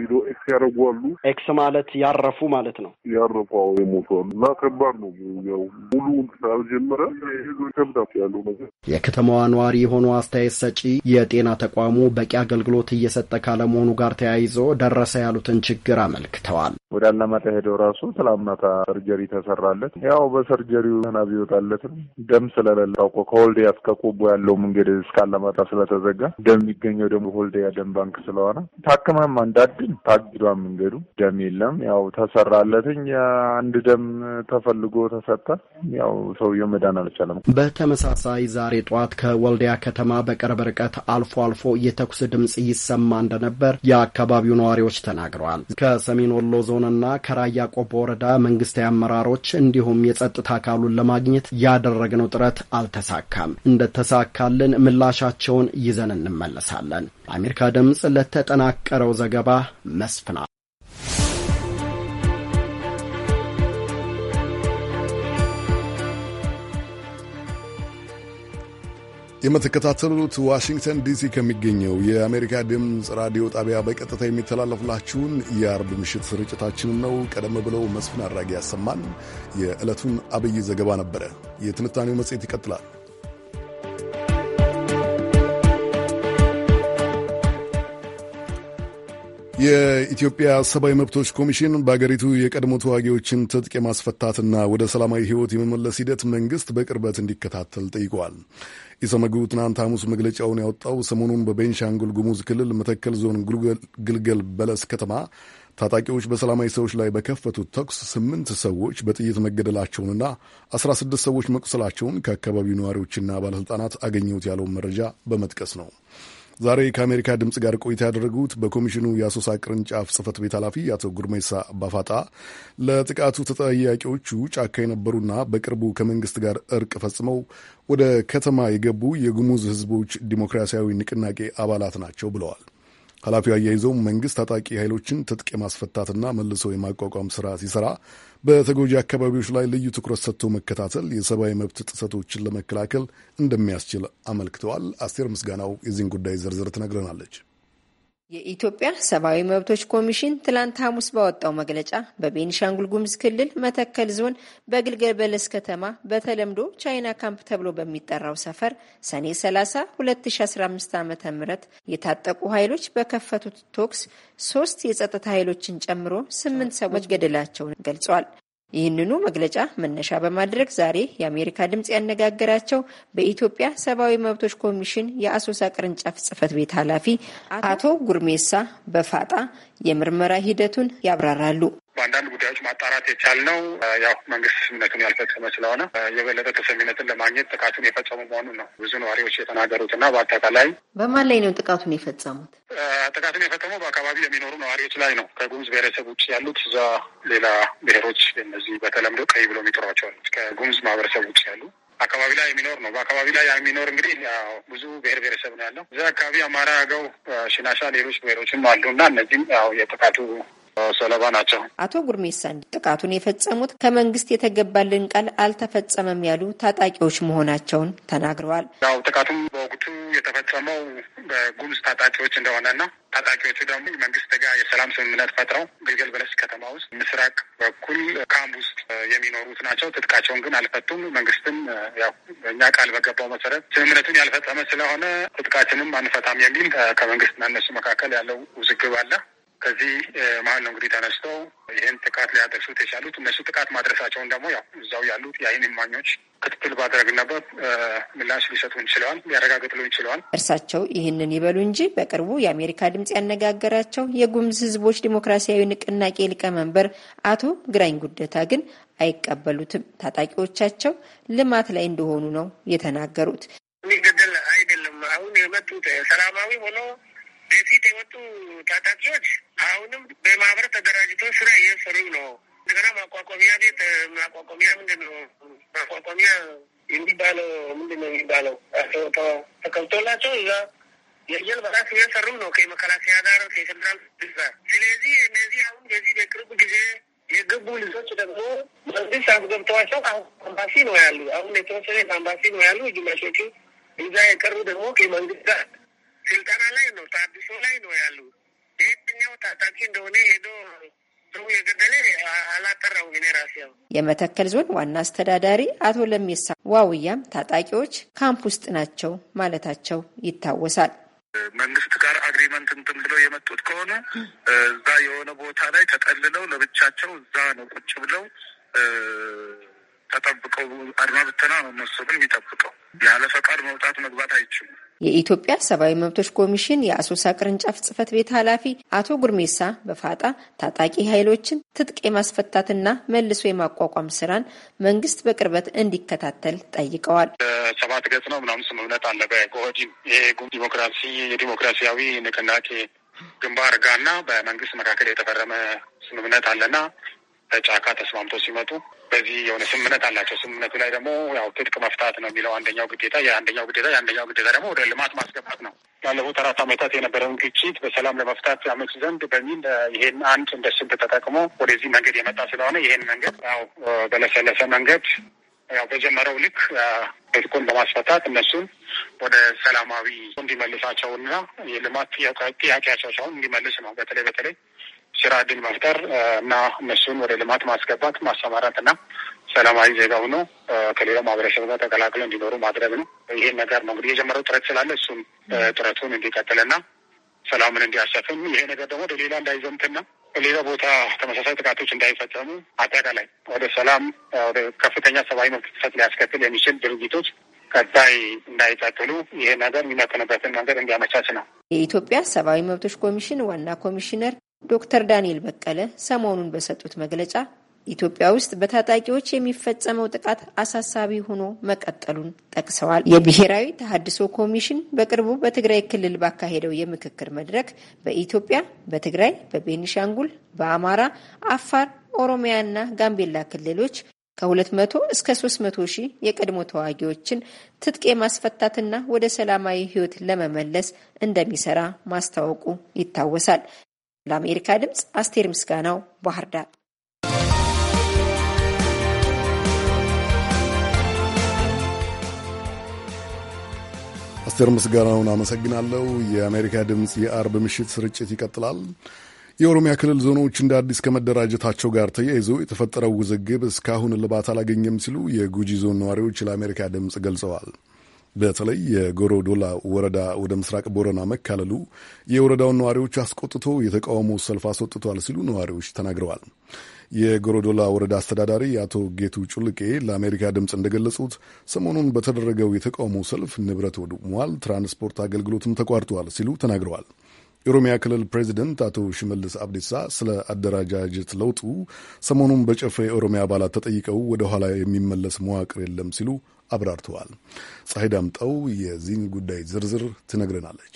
ሄዶ ኤክስ ያደረጓሉ። ኤክስ ማለት ያረፉ ማለት ነው። ያረፉ አሁ የሞተዋሉ እና ከባድ ነው። ያው ሙሉ ስላልጀመረ ከብዳት ያለው ነገር የከተማዋ ነዋሪ የሆኑ አስተያየት ሰጪ የጤና ተቋሙ በቂ አገልግሎት እየሰጠ ካለመሆኑ ጋር ተያይዞ ደረሰ ያሉትን ችግር ችግር አመልክተዋል። ወደ አላማጣ ሄደው ራሱ ትላማታ ሰርጀሪ ተሰራለት። ያው በሰርጀሪው ህና ቢወጣለት ደም ስለሌለ ታውቆ ከወልዲያ እስከ ቆቦ ያለው መንገድ እስከ አላማጣ ስለተዘጋ ደም የሚገኘው ደግሞ ወልዲያ ደም ባንክ ስለሆነ ታክመም አንዳድን ታግዷ መንገዱ ደም የለም። ያው ተሰራለትኝ አንድ ደም ተፈልጎ ተሰጠ። ያው ሰውየው መዳን አልቻለም። በተመሳሳይ ዛሬ ጠዋት ከወልዲያ ከተማ በቅርብ ርቀት አልፎ አልፎ የተኩስ ድምፅ ይሰማ እንደነበር የአካባቢው ነዋሪዎች ተናግረዋል። ከሰሜን ወሎ ዞንና ከራያ ቆቦ ወረዳ መንግስታዊ አመራሮች እንዲሁም የጸጥታ አካሉን ለማግኘት ያደረግነው ጥረት አልተሳካም። እንደተሳካልን ምላሻቸውን ይዘን እንመለሳለን። አሜሪካ ድምፅ ለተጠናቀረው ዘገባ መስፍና የምትከታተሉት ዋሽንግተን ዲሲ ከሚገኘው የአሜሪካ ድምፅ ራዲዮ ጣቢያ በቀጥታ የሚተላለፍላችሁን የአርብ ምሽት ስርጭታችንን ነው። ቀደም ብለው መስፍን አድራጊ ያሰማን የዕለቱን አብይ ዘገባ ነበረ። የትንታኔው መጽሔት ይቀጥላል። የኢትዮጵያ ሰብአዊ መብቶች ኮሚሽን በአገሪቱ የቀድሞ ተዋጊዎችን ትጥቅ የማስፈታትና ወደ ሰላማዊ ሕይወት የመመለስ ሂደት መንግስት በቅርበት እንዲከታተል ጠይቋል። ኢሰመጉ ትናንት ሐሙስ መግለጫውን ያወጣው ሰሞኑን በቤንሻንጉል ጉሙዝ ክልል መተከል ዞን ግልገል በለስ ከተማ ታጣቂዎች በሰላማዊ ሰዎች ላይ በከፈቱት ተኩስ ስምንት ሰዎች በጥይት መገደላቸውንና አስራ ስድስት ሰዎች መቁሰላቸውን ከአካባቢው ነዋሪዎችና ባለሥልጣናት አገኘሁት ያለውን መረጃ በመጥቀስ ነው። ዛሬ ከአሜሪካ ድምፅ ጋር ቆይታ ያደረጉት በኮሚሽኑ የአሶሳ ቅርንጫፍ ጽህፈት ቤት ኃላፊ አቶ ጉርሜሳ ባፋጣ ለጥቃቱ ተጠያቂዎቹ ጫካ የነበሩና በቅርቡ ከመንግስት ጋር እርቅ ፈጽመው ወደ ከተማ የገቡ የጉሙዝ ህዝቦች ዲሞክራሲያዊ ንቅናቄ አባላት ናቸው ብለዋል። ኃላፊው አያይዘውም መንግስት ታጣቂ ኃይሎችን ትጥቅ የማስፈታትና መልሶ የማቋቋም ስራ ሲሰራ በተጎጂ አካባቢዎች ላይ ልዩ ትኩረት ሰጥቶ መከታተል የሰብአዊ መብት ጥሰቶችን ለመከላከል እንደሚያስችል አመልክተዋል። አስቴር ምስጋናው የዚህን ጉዳይ ዝርዝር ትነግረናለች። የኢትዮጵያ ሰብአዊ መብቶች ኮሚሽን ትላንት ሐሙስ ባወጣው መግለጫ በቤኒሻንጉል ጉሙዝ ክልል መተከል ዞን በግልገል በለስ ከተማ በተለምዶ ቻይና ካምፕ ተብሎ በሚጠራው ሰፈር ሰኔ 30 2015 ዓ.ም የታጠቁ ኃይሎች በከፈቱት ቶክስ ሶስት የጸጥታ ኃይሎችን ጨምሮ ስምንት ሰዎች ገደላቸውን ገልጿል። ይህንኑ መግለጫ መነሻ በማድረግ ዛሬ የአሜሪካ ድምጽ ያነጋገራቸው በኢትዮጵያ ሰብአዊ መብቶች ኮሚሽን የአሶሳ ቅርንጫፍ ጽህፈት ቤት ኃላፊ አቶ ጉርሜሳ በፋጣ የምርመራ ሂደቱን ያብራራሉ። በአንዳንድ ጉዳዮች ማጣራት የቻልነው ያው መንግስት ስምምነቱን ያልፈጸመ ስለሆነ የበለጠ ተሰሚነትን ለማግኘት ጥቃቱን የፈጸሙ መሆኑን ነው ብዙ ነዋሪዎች የተናገሩት እና በአጠቃላይ በማን ላይ ነው ጥቃቱን የፈጸሙት? ጥቃቱን የፈጸመው በአካባቢ የሚኖሩ ነዋሪዎች ላይ ነው። ከጉምዝ ብሔረሰብ ውጭ ያሉት እዛ ሌላ ብሔሮች እነዚህ በተለምዶ ቀይ ብሎ የሚጠሯቸዋል ከጉምዝ ማህበረሰብ ውጭ ያሉ አካባቢ ላይ የሚኖር ነው። በአካባቢ ላይ የሚኖር እንግዲህ ብዙ ብሔር ብሔረሰብ ነው ያለው እዚ አካባቢ አማራ፣ አገው፣ ሽናሻ ሌሎች ብሔሮችም አሉ እና እነዚህም ያው የጥቃቱ ሰለባ ናቸው። አቶ ጉርሜሳን ጥቃቱን የፈጸሙት ከመንግስት የተገባልን ቃል አልተፈጸመም ያሉ ታጣቂዎች መሆናቸውን ተናግረዋል። ያው ጥቃቱም በወቅቱ የተፈጸመው በጉምዝ ታጣቂዎች እንደሆነና ታጣቂዎቹ ደግሞ መንግስት ጋር የሰላም ስምምነት ፈጥረው ግልገል በለስ ከተማ ውስጥ ምስራቅ በኩል ካምፕ ውስጥ የሚኖሩት ናቸው። ትጥቃቸውን ግን አልፈቱም። መንግስትም ያው እኛ ቃል በገባው መሰረት ስምምነቱን ያልፈጸመ ስለሆነ ትጥቃችንም አንፈታም የሚል ከመንግስትና እነሱ መካከል ያለው ውዝግብ አለ። ከዚህ መሀል ነው እንግዲህ ተነስተው ይህን ጥቃት ሊያደርሱት የቻሉት። እነሱ ጥቃት ማድረሳቸውን ደግሞ ያው እዛው ያሉት የአይን እማኞች ክትትል ባደረግንበት ምላሽ ሊሰጡ እንችለዋል፣ ሊያረጋግጥሉ እንችለዋል። እርሳቸው ይህንን ይበሉ እንጂ በቅርቡ የአሜሪካ ድምጽ ያነጋገራቸው የጉምዝ ህዝቦች ዲሞክራሲያዊ ንቅናቄ ሊቀመንበር አቶ ግራኝ ጉደታ ግን አይቀበሉትም። ታጣቂዎቻቸው ልማት ላይ እንደሆኑ ነው የተናገሩት። የሚገደል አይደለም አሁን የመጡት ሰላማዊ ሆኖ በፊት የወጡ ታጣቂዎች አሁንም በማህበር ተደራጅቶ ስራ እየሰሩ ነው። እንደገና ማቋቋሚያ ቤት ማቋቋሚያ ምንድን ነው ማቋቋሚያ የሚባለው ምንድን ነው የሚባለው ተከብቶላቸው እዛ የየል በራስ እየሰሩ ነው ከመከላከያ ጋር ከሴንትራል ጋር። ስለዚህ እነዚህ አሁን በዚህ በቅርብ ጊዜ የገቡ ልጆች ደግሞ መንግስት አስገብተዋቸው አሁን አምባሲ ነው ያሉ። አሁን የተወሰነ አምባሲ ነው ያሉ። ግማሾቹ እዛ የቀሩ ደግሞ ከመንግስት ጋር ስልጠና ላይ ነው፣ ታድሶ ላይ ነው ያሉ። የትኛው ታጣቂ እንደሆነ ሄዶ ጥሩ የገደለ አላጠራው እኔ ራሴ። የመተከል ዞን ዋና አስተዳዳሪ አቶ ለሜሳ ዋውያም ታጣቂዎች ካምፕ ውስጥ ናቸው ማለታቸው ይታወሳል። መንግስት ጋር አግሪመንት እንትን ብለው የመጡት ከሆነ እዛ የሆነ ቦታ ላይ ተጠልለው ለብቻቸው እዛ ነው ቁጭ ብለው ተጠብቀው አድማ ብተና ነው እነሱንም የሚጠብቀው። ያለ ፈቃድ መውጣት መግባት አይችሉም። የኢትዮጵያ ሰብአዊ መብቶች ኮሚሽን የአሶሳ ቅርንጫፍ ጽህፈት ቤት ኃላፊ አቶ ጉርሜሳ በፋጣ ታጣቂ ኃይሎችን ትጥቅ የማስፈታትና መልሶ የማቋቋም ስራን መንግስት በቅርበት እንዲከታተል ጠይቀዋል። ሰባት ገጽ ነው ምናምን ስምምነት አለ በኦህዴድ ዲሞክራሲ የዲሞክራሲያዊ ንቅናቄ ግንባር ጋና በመንግስት መካከል የተፈረመ ስምምነት አለና ጫካ ተስማምቶ ሲመጡ በዚህ የሆነ ስምምነት አላቸው። ስምምነቱ ላይ ደግሞ ያው ትጥቅ መፍታት ነው የሚለው አንደኛው ግዴታ፣ የአንደኛው ግዴታ፣ የአንደኛው ግዴታ ደግሞ ወደ ልማት ማስገባት ነው። ያለፉት አራት ዓመታት የነበረውን ግጭት በሰላም ለመፍታት ያመች ዘንድ በሚል ይሄን አንድ እንደ ስልት ተጠቅሞ ወደዚህ መንገድ የመጣ ስለሆነ ይሄን መንገድ ያው በለሰለሰ መንገድ ያው በጀመረው ልክ ትጥቁን በማስፈታት እነሱን ወደ ሰላማዊ እንዲመልሳቸውና የልማት ጥያቄያቸው ሳይሆን እንዲመልስ ነው በተለይ በተለይ ስራ እድል መፍጠር እና እነሱን ወደ ልማት ማስገባት ማሰማራት እና ሰላማዊ ዜጋ ሆኖ ከሌላው ማህበረሰብ ጋር ተቀላቅለው እንዲኖሩ ማድረግ ነው። ይህን ነገር ነው እንግዲህ የጀመረው ጥረት ስላለ እሱን ጥረቱን እንዲቀጥልና ሰላምን እንዲያሰፍን ይሄ ነገር ደግሞ ወደ ሌላ እንዳይዘምትና ሌላ ቦታ ተመሳሳይ ጥቃቶች እንዳይፈጸሙ አጠቃላይ ወደ ሰላም ወደ ከፍተኛ ሰብአዊ መብት ጥሰት ሊያስከትል የሚችል ድርጊቶች ቀጣይ እንዳይቀጥሉ ይሄ ነገር የሚመክንበትን መንገድ እንዲያመቻች ነው። የኢትዮጵያ ሰብአዊ መብቶች ኮሚሽን ዋና ኮሚሽነር ዶክተር ዳንኤል በቀለ ሰሞኑን በሰጡት መግለጫ ኢትዮጵያ ውስጥ በታጣቂዎች የሚፈጸመው ጥቃት አሳሳቢ ሆኖ መቀጠሉን ጠቅሰዋል። የብሔራዊ ተሃድሶ ኮሚሽን በቅርቡ በትግራይ ክልል ባካሄደው የምክክር መድረክ በኢትዮጵያ፣ በትግራይ፣ በቤኒሻንጉል፣ በአማራ፣ አፋር፣ ኦሮሚያና ጋምቤላ ክልሎች ከ200 እስከ 300 ሺህ የቀድሞ ተዋጊዎችን ትጥቅ የማስፈታትና ወደ ሰላማዊ ሕይወት ለመመለስ እንደሚሰራ ማስታወቁ ይታወሳል። ለአሜሪካ ድምፅ አስቴር ምስጋናው ባህር ዳር። አስቴር ምስጋናውን አመሰግናለሁ። የአሜሪካ ድምፅ የአርብ ምሽት ስርጭት ይቀጥላል። የኦሮሚያ ክልል ዞኖች እንደ አዲስ ከመደራጀታቸው ጋር ተያይዘው የተፈጠረው ውዝግብ እስካሁን እልባት አላገኘም ሲሉ የጉጂ ዞን ነዋሪዎች ለአሜሪካ ድምፅ ገልጸዋል። በተለይ የጎሮ ዶላ ወረዳ ወደ ምስራቅ ቦረና መካለሉ የወረዳውን ነዋሪዎች አስቆጥቶ የተቃውሞ ሰልፍ አስወጥቷል ሲሉ ነዋሪዎች ተናግረዋል። የጎሮዶላ ወረዳ አስተዳዳሪ አቶ ጌቱ ጩልቄ ለአሜሪካ ድምፅ እንደገለጹት ሰሞኑን በተደረገው የተቃውሞ ሰልፍ ንብረት ወድሟል፣ ትራንስፖርት አገልግሎትም ተቋርጧል ሲሉ ተናግረዋል። የኦሮሚያ ክልል ፕሬዚደንት አቶ ሽመልስ አብዲሳ ስለ አደረጃጀት ለውጡ ሰሞኑን በጨፋ የኦሮሚያ አባላት ተጠይቀው ወደ ኋላ የሚመለስ መዋቅር የለም ሲሉ አብራርተዋል። ፀሐይ ዳምጠው የዚህን ጉዳይ ዝርዝር ትነግረናለች።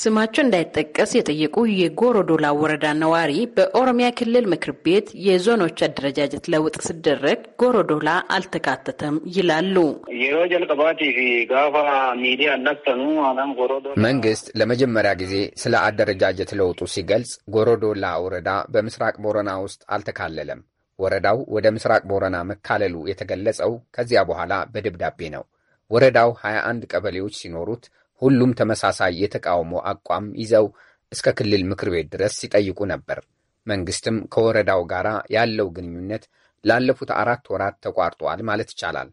ስማቸው እንዳይጠቀስ የጠየቁ የጎሮዶላ ወረዳ ነዋሪ በኦሮሚያ ክልል ምክር ቤት የዞኖች አደረጃጀት ለውጥ ሲደረግ ጎሮዶላ አልተካተተም ይላሉ። መንግስት ለመጀመሪያ ጊዜ ስለ አደረጃጀት ለውጡ ሲገልጽ ጎሮዶላ ወረዳ በምስራቅ ቦረና ውስጥ አልተካለለም። ወረዳው ወደ ምስራቅ ቦረና መካለሉ የተገለጸው ከዚያ በኋላ በደብዳቤ ነው። ወረዳው 21 ቀበሌዎች ሲኖሩት ሁሉም ተመሳሳይ የተቃውሞ አቋም ይዘው እስከ ክልል ምክር ቤት ድረስ ሲጠይቁ ነበር። መንግስትም ከወረዳው ጋር ያለው ግንኙነት ላለፉት አራት ወራት ተቋርጧል ማለት ይቻላል።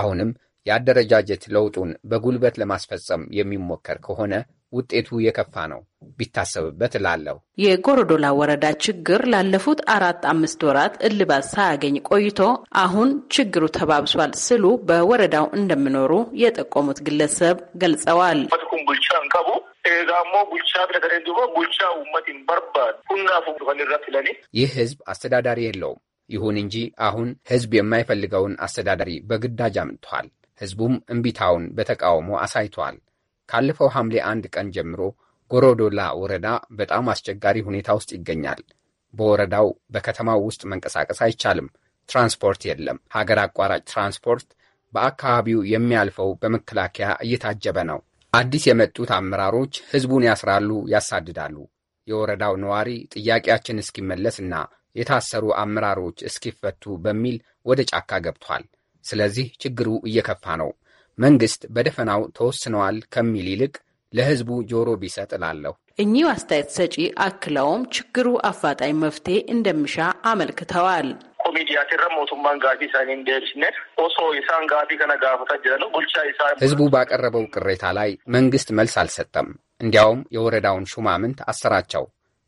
አሁንም የአደረጃጀት ለውጡን በጉልበት ለማስፈጸም የሚሞከር ከሆነ ውጤቱ የከፋ ነው ቢታሰብበት እላለሁ። የጎረዶላ ወረዳ ችግር ላለፉት አራት አምስት ወራት እልባት ሳያገኝ ቆይቶ አሁን ችግሩ ተባብሷል ስሉ በወረዳው እንደሚኖሩ የጠቆሙት ግለሰብ ገልጸዋል። ይህ ህዝብ አስተዳዳሪ የለውም። ይሁን እንጂ አሁን ህዝብ የማይፈልገውን አስተዳዳሪ በግዳጅ አምጥቷል። ህዝቡም እምቢታውን በተቃውሞ አሳይቷል። ካለፈው ሐምሌ አንድ ቀን ጀምሮ ጎሮዶላ ወረዳ በጣም አስቸጋሪ ሁኔታ ውስጥ ይገኛል። በወረዳው በከተማው ውስጥ መንቀሳቀስ አይቻልም። ትራንስፖርት የለም። ሀገር አቋራጭ ትራንስፖርት በአካባቢው የሚያልፈው በመከላከያ እየታጀበ ነው። አዲስ የመጡት አመራሮች ሕዝቡን ያስራሉ፣ ያሳድዳሉ። የወረዳው ነዋሪ ጥያቄያችን እስኪመለስ እና የታሰሩ አመራሮች እስኪፈቱ በሚል ወደ ጫካ ገብቷል። ስለዚህ ችግሩ እየከፋ ነው። መንግስት በደፈናው ተወስነዋል ከሚል ይልቅ ለህዝቡ ጆሮ ቢሰጥ እላለሁ። እኚሁ አስተያየት ሰጪ አክለውም ችግሩ አፋጣኝ መፍትሄ እንደሚሻ አመልክተዋል። ህዝቡ ባቀረበው ቅሬታ ላይ መንግስት መልስ አልሰጠም። እንዲያውም የወረዳውን ሹማምንት አሰራቸው።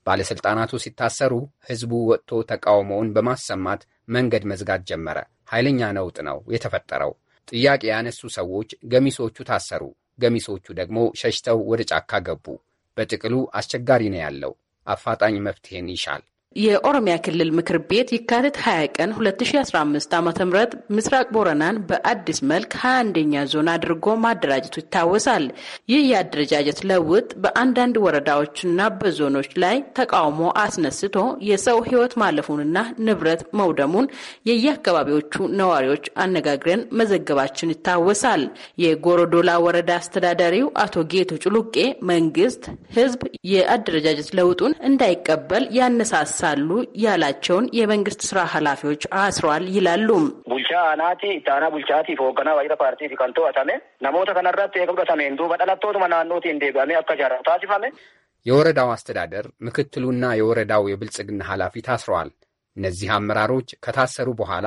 ባለሥልጣናቱ ሲታሰሩ ህዝቡ ወጥቶ ተቃውሞውን በማሰማት መንገድ መዝጋት ጀመረ። ኃይለኛ ነውጥ ነው የተፈጠረው። ጥያቄ ያነሱ ሰዎች ገሚሶቹ ታሰሩ። ገሚሶቹ ደግሞ ሸሽተው ወደ ጫካ ገቡ። በጥቅሉ አስቸጋሪ ነው ያለው፣ አፋጣኝ መፍትሄን ይሻል። የኦሮሚያ ክልል ምክር ቤት የካቲት 20 ቀን 2015 ዓ ም ምስራቅ ቦረናን በአዲስ መልክ 21ኛ ዞን አድርጎ ማደራጀቱ ይታወሳል። ይህ የአደረጃጀት ለውጥ በአንዳንድ ወረዳዎችና በዞኖች ላይ ተቃውሞ አስነስቶ የሰው ሕይወት ማለፉንና ንብረት መውደሙን የየአካባቢዎቹ ነዋሪዎች አነጋግረን መዘገባችን ይታወሳል። የጎሮዶላ ወረዳ አስተዳዳሪው አቶ ጌቶ ጭሉቄ መንግስት ሕዝብ የአደረጃጀት ለውጡን እንዳይቀበል ያነሳሳል ይደርሳሉ ያላቸውን የመንግስት ስራ ኃላፊዎች አስሯል ይላሉ። ቡልቻ ቡልቻቲ ፎገና ፓርቲ አታሜ ነሞተ ከነራት እንዱ መናኖት እንዴጋሜ አካጃራ ታሲፋሜ የወረዳው አስተዳደር ምክትሉና የወረዳው የብልጽግና ኃላፊ ታስረዋል። እነዚህ አመራሮች ከታሰሩ በኋላ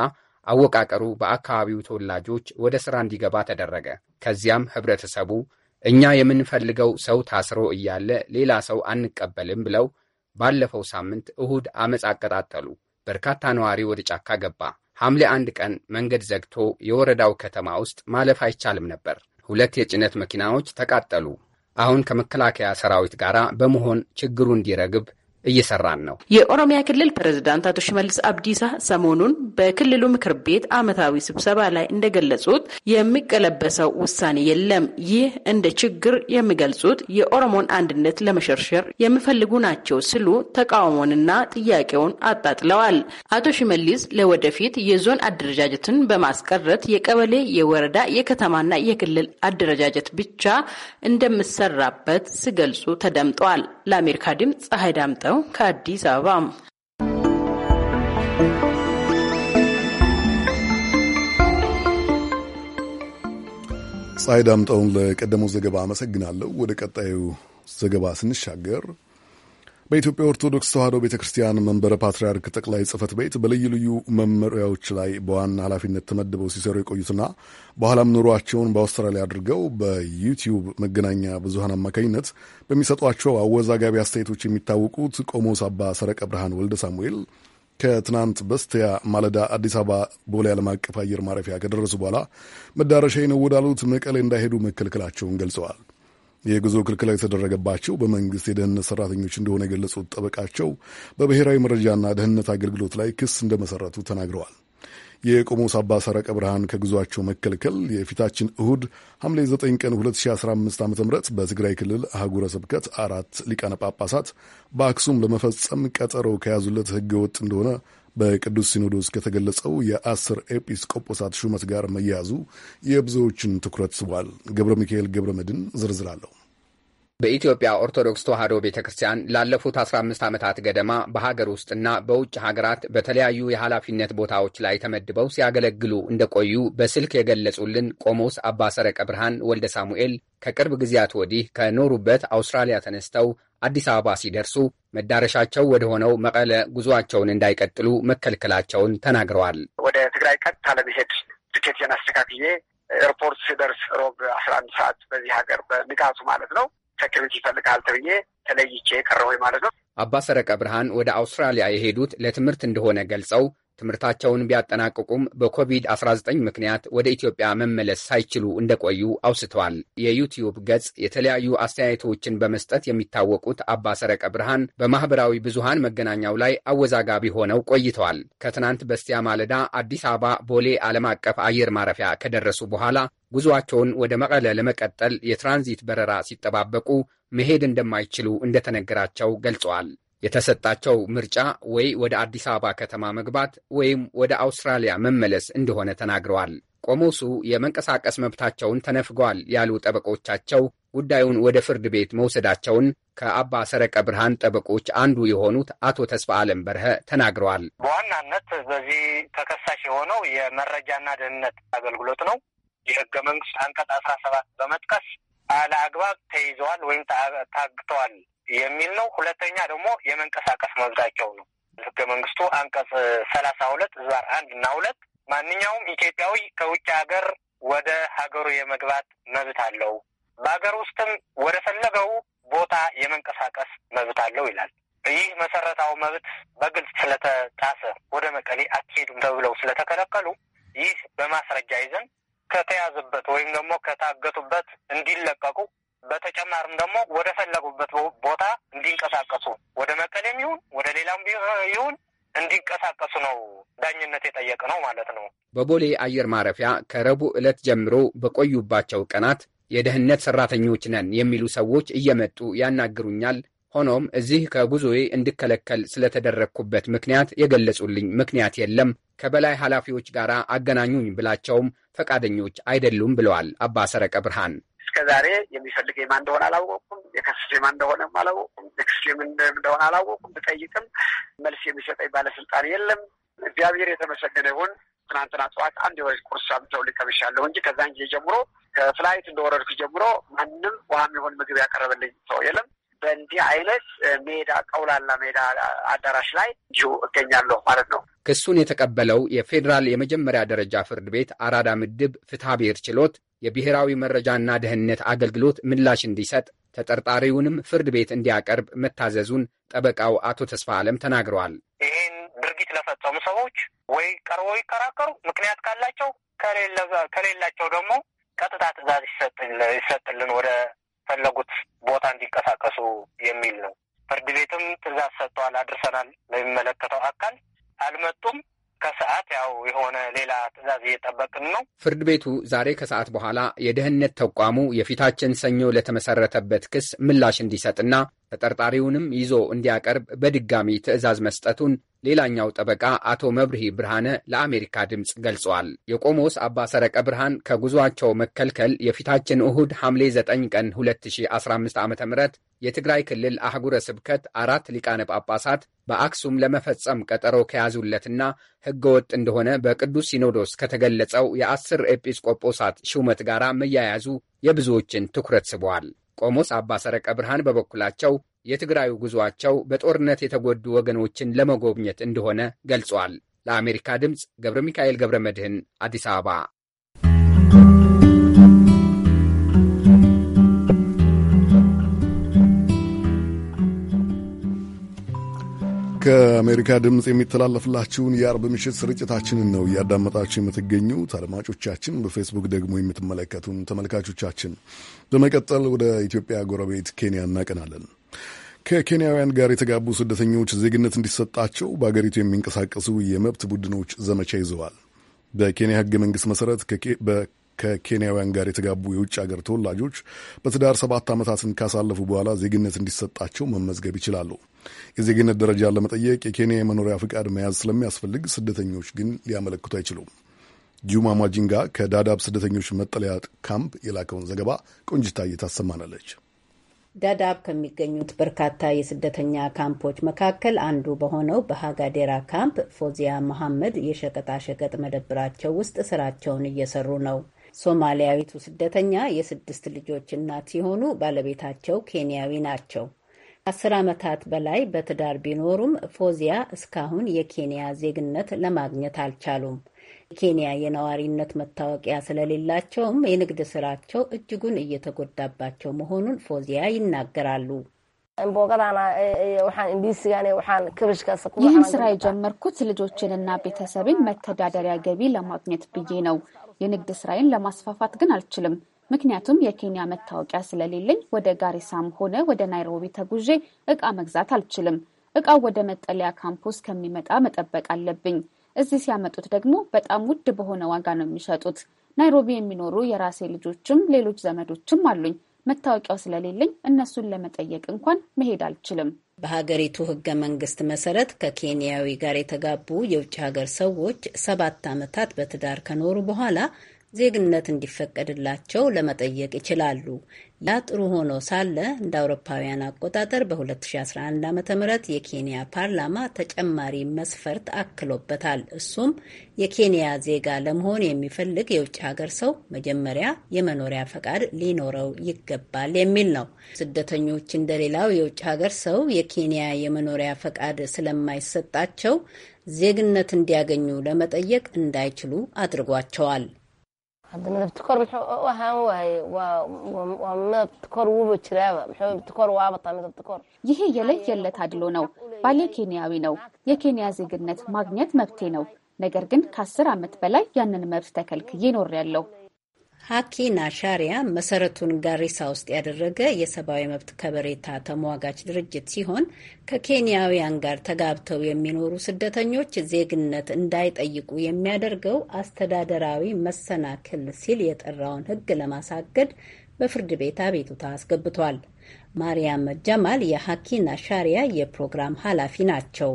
አወቃቀሩ በአካባቢው ተወላጆች ወደ ሥራ እንዲገባ ተደረገ። ከዚያም ህብረተሰቡ እኛ የምንፈልገው ሰው ታስሮ እያለ ሌላ ሰው አንቀበልም ብለው ባለፈው ሳምንት እሁድ አመፅ አቀጣጠሉ። በርካታ ነዋሪ ወደ ጫካ ገባ። ሐምሌ አንድ ቀን መንገድ ዘግቶ የወረዳው ከተማ ውስጥ ማለፍ አይቻልም ነበር። ሁለት የጭነት መኪናዎች ተቃጠሉ። አሁን ከመከላከያ ሰራዊት ጋር በመሆን ችግሩ እንዲረግብ እየሰራን ነው። የኦሮሚያ ክልል ፕሬዝዳንት አቶ ሽመልስ አብዲሳ ሰሞኑን በክልሉ ምክር ቤት ዓመታዊ ስብሰባ ላይ እንደገለጹት የሚቀለበሰው ውሳኔ የለም። ይህ እንደ ችግር የሚገልጹት የኦሮሞን አንድነት ለመሸርሸር የሚፈልጉ ናቸው ሲሉ ተቃውሞንና ጥያቄውን አጣጥለዋል። አቶ ሽመልስ ለወደፊት የዞን አደረጃጀትን በማስቀረት የቀበሌ፣ የወረዳ፣ የከተማና የክልል አደረጃጀት ብቻ እንደሚሰራበት ሲገልጹ ተደምጠዋል። ለአሜሪካ ድምፅ ፀሐይ ዳምጠ የተሰጠው ከአዲስ አበባ። ፀሐይ ዳምጠውን ለቀደመው ዘገባ አመሰግናለሁ። ወደ ቀጣዩ ዘገባ ስንሻገር በኢትዮጵያ ኦርቶዶክስ ተዋሕዶ ቤተ ክርስቲያን መንበረ ፓትርያርክ ጠቅላይ ጽፈት ቤት በልዩ ልዩ መመሪያዎች ላይ በዋና ኃላፊነት ተመድበው ሲሰሩ የቆዩትና በኋላም ኑሯቸውን በአውስትራሊያ አድርገው በዩቲዩብ መገናኛ ብዙሀን አማካኝነት በሚሰጧቸው አወዛጋቢ አስተያየቶች የሚታወቁት ቆሞስ አባ ሰረቀ ብርሃን ወልደ ሳሙኤል ከትናንት በስቲያ ማለዳ አዲስ አበባ ቦሌ ዓለም አቀፍ አየር ማረፊያ ከደረሱ በኋላ መዳረሻ ነው ወዳሉት መቀሌ እንዳይሄዱ መከልከላቸውን ገልጸዋል። የጉዞ ክልክላ የተደረገባቸው በመንግስት የደህንነት ሰራተኞች እንደሆነ የገለጹት ጠበቃቸው በብሔራዊ መረጃና ደህንነት አገልግሎት ላይ ክስ እንደመሰረቱ ተናግረዋል። የቆሞስ አባ ሰረቀ ብርሃን ከጉዟቸው መከልከል የፊታችን እሁድ ሐምሌ 9 ቀን 2015 ዓ ም በትግራይ ክልል አህጉረ ስብከት አራት ሊቃነ ጳጳሳት በአክሱም ለመፈጸም ቀጠሮ ከያዙለት ህገ ወጥ እንደሆነ በቅዱስ ሲኖዶስ ከተገለጸው የአስር ኤጲስቆጶሳት ሹመት ጋር መያያዙ የብዙዎችን ትኩረት ስቧል። ገብረ ሚካኤል ገብረ መድን ዝርዝር አለው። በኢትዮጵያ ኦርቶዶክስ ተዋሕዶ ቤተ ክርስቲያን ላለፉት 15 ዓመታት ገደማ በሀገር ውስጥና በውጭ ሀገራት በተለያዩ የኃላፊነት ቦታዎች ላይ ተመድበው ሲያገለግሉ እንደቆዩ በስልክ የገለጹልን ቆሞስ አባ ሰረቀ ብርሃን ወልደ ሳሙኤል ከቅርብ ጊዜያት ወዲህ ከኖሩበት አውስትራሊያ ተነስተው አዲስ አበባ ሲደርሱ መዳረሻቸው ወደ ሆነው መቀለ ጉዞአቸውን እንዳይቀጥሉ መከልከላቸውን ተናግረዋል። ወደ ትግራይ ቀጥታ ለመሄድ ትኬቴን አስተካክዬ ኤርፖርት ሲደርስ ሮብ አስራ አንድ ሰዓት በዚህ ሀገር በንጋቱ ማለት ነው ሴኪሪቲ ይፈልጋል ተብዬ ተለይቼ ቀረሁኝ ማለት ነው። አባ ሰረቀ ብርሃን ወደ አውስትራሊያ የሄዱት ለትምህርት እንደሆነ ገልጸው ትምህርታቸውን ቢያጠናቅቁም በኮቪድ-19 ምክንያት ወደ ኢትዮጵያ መመለስ ሳይችሉ እንደቆዩ አውስተዋል። የዩቲዩብ ገጽ የተለያዩ አስተያየቶችን በመስጠት የሚታወቁት አባ ሰረቀ ብርሃን በማኅበራዊ ብዙሃን መገናኛው ላይ አወዛጋቢ ሆነው ቆይተዋል። ከትናንት በስቲያ ማለዳ አዲስ አበባ ቦሌ ዓለም አቀፍ አየር ማረፊያ ከደረሱ በኋላ ጉዞአቸውን ወደ መቀለ ለመቀጠል የትራንዚት በረራ ሲጠባበቁ መሄድ እንደማይችሉ እንደተነገራቸው ገልጸዋል። የተሰጣቸው ምርጫ ወይ ወደ አዲስ አበባ ከተማ መግባት ወይም ወደ አውስትራሊያ መመለስ እንደሆነ ተናግረዋል። ቆሞሱ የመንቀሳቀስ መብታቸውን ተነፍገዋል ያሉ ጠበቆቻቸው ጉዳዩን ወደ ፍርድ ቤት መውሰዳቸውን ከአባ ሰረቀ ብርሃን ጠበቆች አንዱ የሆኑት አቶ ተስፋ አለም በርሀ ተናግረዋል። በዋናነት በዚህ ተከሳሽ የሆነው የመረጃና ደህንነት አገልግሎት ነው። የህገ መንግስት አንቀጽ አስራ ሰባት በመጥቀስ አለ አግባብ ተይዘዋል ወይም ታግተዋል የሚል ነው። ሁለተኛ ደግሞ የመንቀሳቀስ መብታቸው ነው። ህገ መንግስቱ አንቀጽ ሰላሳ ሁለት ዛር አንድ እና ሁለት ማንኛውም ኢትዮጵያዊ ከውጭ ሀገር ወደ ሀገሩ የመግባት መብት አለው፣ በሀገር ውስጥም ወደ ፈለገው ቦታ የመንቀሳቀስ መብት አለው ይላል። ይህ መሰረታዊ መብት በግልጽ ስለተጣሰ ወደ መቀሌ አትሄዱም ተብለው ስለተከለከሉ ይህ በማስረጃ ይዘን ከተያዘበት ወይም ደግሞ ከታገቱበት እንዲለቀቁ በተጨማሪም ደግሞ ወደ ፈለጉበት ቦታ እንዲንቀሳቀሱ ወደ መቀሌም ይሁን ወደ ሌላም ይሁን እንዲንቀሳቀሱ ነው ዳኝነት የጠየቀ ነው ማለት ነው። በቦሌ አየር ማረፊያ ከረቡዕ ዕለት ጀምሮ በቆዩባቸው ቀናት የደህንነት ሰራተኞች ነን የሚሉ ሰዎች እየመጡ ያናግሩኛል። ሆኖም እዚህ ከጉዞዬ እንድከለከል ስለተደረግኩበት ምክንያት የገለጹልኝ ምክንያት የለም። ከበላይ ኃላፊዎች ጋር አገናኙኝ ብላቸውም ፈቃደኞች አይደሉም ብለዋል አባ ሰረቀ ብርሃን። ዛሬ የሚፈልገ ማ እንደሆነ አላወቁም። የከስ ማ እንደሆነ አላወቁም። የክስ እንደሆነ አላወቁም። ብጠይቅም መልስ የሚሰጠኝ ባለስልጣን የለም። እግዚአብሔር የተመሰገነ ይሁን። ትናንትና ጠዋት አንድ የወይ ቁርስ አምተው ልቀብሻለሁ እንጂ ከዛን ጊዜ ጀምሮ ከፍላይት እንደወረድኩ ጀምሮ ማንም ውሃም የሆን ምግብ ያቀረበልኝ ሰው የለም። በእንዲህ አይነት ሜዳ ቀውላላ ሜዳ አዳራሽ ላይ እንዲሁ እገኛለሁ ማለት ነው። ክሱን የተቀበለው የፌዴራል የመጀመሪያ ደረጃ ፍርድ ቤት አራዳ ምድብ ፍትሐ ብሔር ችሎት የብሔራዊ መረጃና ደህንነት አገልግሎት ምላሽ እንዲሰጥ ተጠርጣሪውንም ፍርድ ቤት እንዲያቀርብ መታዘዙን ጠበቃው አቶ ተስፋ ዓለም ተናግረዋል። ይህን ድርጊት ለፈጸሙ ሰዎች ወይ ቀርቦ ይከራከሩ፣ ምክንያት ካላቸው፣ ከሌላቸው ደግሞ ቀጥታ ትዕዛዝ ይሰጥልን ወደ ፈለጉት ቦታ እንዲንቀሳቀሱ የሚል ነው። ፍርድ ቤትም ትእዛዝ ሰጥተዋል፣ አድርሰናል ለሚመለከተው አካል አልመጡም ከሰዓት ያው የሆነ ሌላ ትዕዛዝ እየጠበቅን ነው። ፍርድ ቤቱ ዛሬ ከሰዓት በኋላ የደህንነት ተቋሙ የፊታችን ሰኞ ለተመሰረተበት ክስ ምላሽ እንዲሰጥና ተጠርጣሪውንም ይዞ እንዲያቀርብ በድጋሚ ትዕዛዝ መስጠቱን ሌላኛው ጠበቃ አቶ መብርሂ ብርሃነ ለአሜሪካ ድምፅ ገልጸዋል። የቆሞስ አባ ሰረቀ ብርሃን ከጉዞአቸው መከልከል የፊታችን እሁድ ሐምሌ 9 ቀን 2015 ዓ ም የትግራይ ክልል አህጉረ ስብከት አራት ሊቃነ ጳጳሳት በአክሱም ለመፈጸም ቀጠሮ ከያዙለትና ሕገወጥ እንደሆነ በቅዱስ ሲኖዶስ ከተገለጸው የአስር ኤጲስቆጶሳት ሹመት ጋር መያያዙ የብዙዎችን ትኩረት ስበዋል። ቆሞስ አባ ሰረቀ ብርሃን በበኩላቸው የትግራዩ ጉዞአቸው በጦርነት የተጎዱ ወገኖችን ለመጎብኘት እንደሆነ ገልጿል። ለአሜሪካ ድምፅ ገብረ ሚካኤል ገብረ መድህን አዲስ አበባ። ከአሜሪካ ድምፅ የሚተላለፍላችሁን የአርብ ምሽት ስርጭታችንን ነው እያዳመጣችሁ የምትገኙት አድማጮቻችን፣ በፌስቡክ ደግሞ የምትመለከቱን ተመልካቾቻችን። በመቀጠል ወደ ኢትዮጵያ ጎረቤት ኬንያ እናቀናለን። ከኬንያውያን ጋር የተጋቡ ስደተኞች ዜግነት እንዲሰጣቸው በአገሪቱ የሚንቀሳቀሱ የመብት ቡድኖች ዘመቻ ይዘዋል። በኬንያ ሕገ መንግሥት መሠረት ከኬንያውያን ጋር የተጋቡ የውጭ አገር ተወላጆች በትዳር ሰባት ዓመታትን ካሳለፉ በኋላ ዜግነት እንዲሰጣቸው መመዝገብ ይችላሉ። የዜግነት ደረጃ ለመጠየቅ የኬንያ የመኖሪያ ፍቃድ መያዝ ስለሚያስፈልግ ስደተኞች ግን ሊያመለክቱ አይችሉም። ጁማ ማጂንጋ ከዳዳብ ስደተኞች መጠለያ ካምፕ የላከውን ዘገባ ቆንጅታ እየታሰማናለች። ዳዳብ ከሚገኙት በርካታ የስደተኛ ካምፖች መካከል አንዱ በሆነው በሃጋዴራ ካምፕ ፎዚያ መሐመድ የሸቀጣሸቀጥ መደብራቸው ውስጥ ስራቸውን እየሰሩ ነው። ሶማሊያዊቱ ስደተኛ የስድስት ልጆች እናት ሲሆኑ ባለቤታቸው ኬንያዊ ናቸው። አስር ዓመታት በላይ በትዳር ቢኖሩም ፎዚያ እስካሁን የኬንያ ዜግነት ለማግኘት አልቻሉም። ኬንያ የነዋሪነት መታወቂያ ስለሌላቸውም የንግድ ስራቸው እጅጉን እየተጎዳባቸው መሆኑን ፎዚያ ይናገራሉ። ይህን ስራ የጀመርኩት ልጆችንና ቤተሰብን መተዳደሪያ ገቢ ለማግኘት ብዬ ነው። የንግድ ስራዬን ለማስፋፋት ግን አልችልም። ምክንያቱም የኬንያ መታወቂያ ስለሌለኝ ወደ ጋሪሳም ሆነ ወደ ናይሮቢ ተጉዤ እቃ መግዛት አልችልም። እቃው ወደ መጠለያ ካምፖስ ከሚመጣ መጠበቅ አለብኝ። እዚህ ሲያመጡት ደግሞ በጣም ውድ በሆነ ዋጋ ነው የሚሸጡት። ናይሮቢ የሚኖሩ የራሴ ልጆችም ሌሎች ዘመዶችም አሉኝ። መታወቂያው ስለሌለኝ እነሱን ለመጠየቅ እንኳን መሄድ አልችልም። በሀገሪቱ ህገ መንግስት መሰረት ከኬንያዊ ጋር የተጋቡ የውጭ ሀገር ሰዎች ሰባት ዓመታት በትዳር ከኖሩ በኋላ ዜግነት እንዲፈቀድላቸው ለመጠየቅ ይችላሉ። ያ ጥሩ ሆኖ ሳለ እንደ አውሮፓውያን አቆጣጠር በ2011 ዓ ም የኬንያ ፓርላማ ተጨማሪ መስፈርት አክሎበታል። እሱም የኬንያ ዜጋ ለመሆን የሚፈልግ የውጭ ሀገር ሰው መጀመሪያ የመኖሪያ ፈቃድ ሊኖረው ይገባል የሚል ነው። ስደተኞች እንደሌላው የውጭ ሀገር ሰው የኬንያ የመኖሪያ ፈቃድ ስለማይሰጣቸው ዜግነት እንዲያገኙ ለመጠየቅ እንዳይችሉ አድርጓቸዋል። hadda madabtikoor muxuu u ahaan waaye waa madabtikoor wuba jiraaba mx madabtikoor waa bataa madabtikoር ይሄ የለይ የለት አድሎ ነው። ባሌ ኬንያዊ ነው። የኬንያ ዜግነት ማግኘት መብቴ ነው። ነገር ግን ከአስር ዓመት በላይ ያንን መብት ተከልክዬ ኖር ያለው ሀኪ ናሻሪያ መሰረቱን ጋሪሳ ውስጥ ያደረገ የሰብአዊ መብት ከበሬታ ተሟጋች ድርጅት ሲሆን ከኬንያውያን ጋር ተጋብተው የሚኖሩ ስደተኞች ዜግነት እንዳይጠይቁ የሚያደርገው አስተዳደራዊ መሰናክል ሲል የጠራውን ሕግ ለማሳገድ በፍርድ ቤት አቤቱታ አስገብቷል። ማርያም ጀማል የሀኪ ናሻሪያ የፕሮግራም ኃላፊ ናቸው።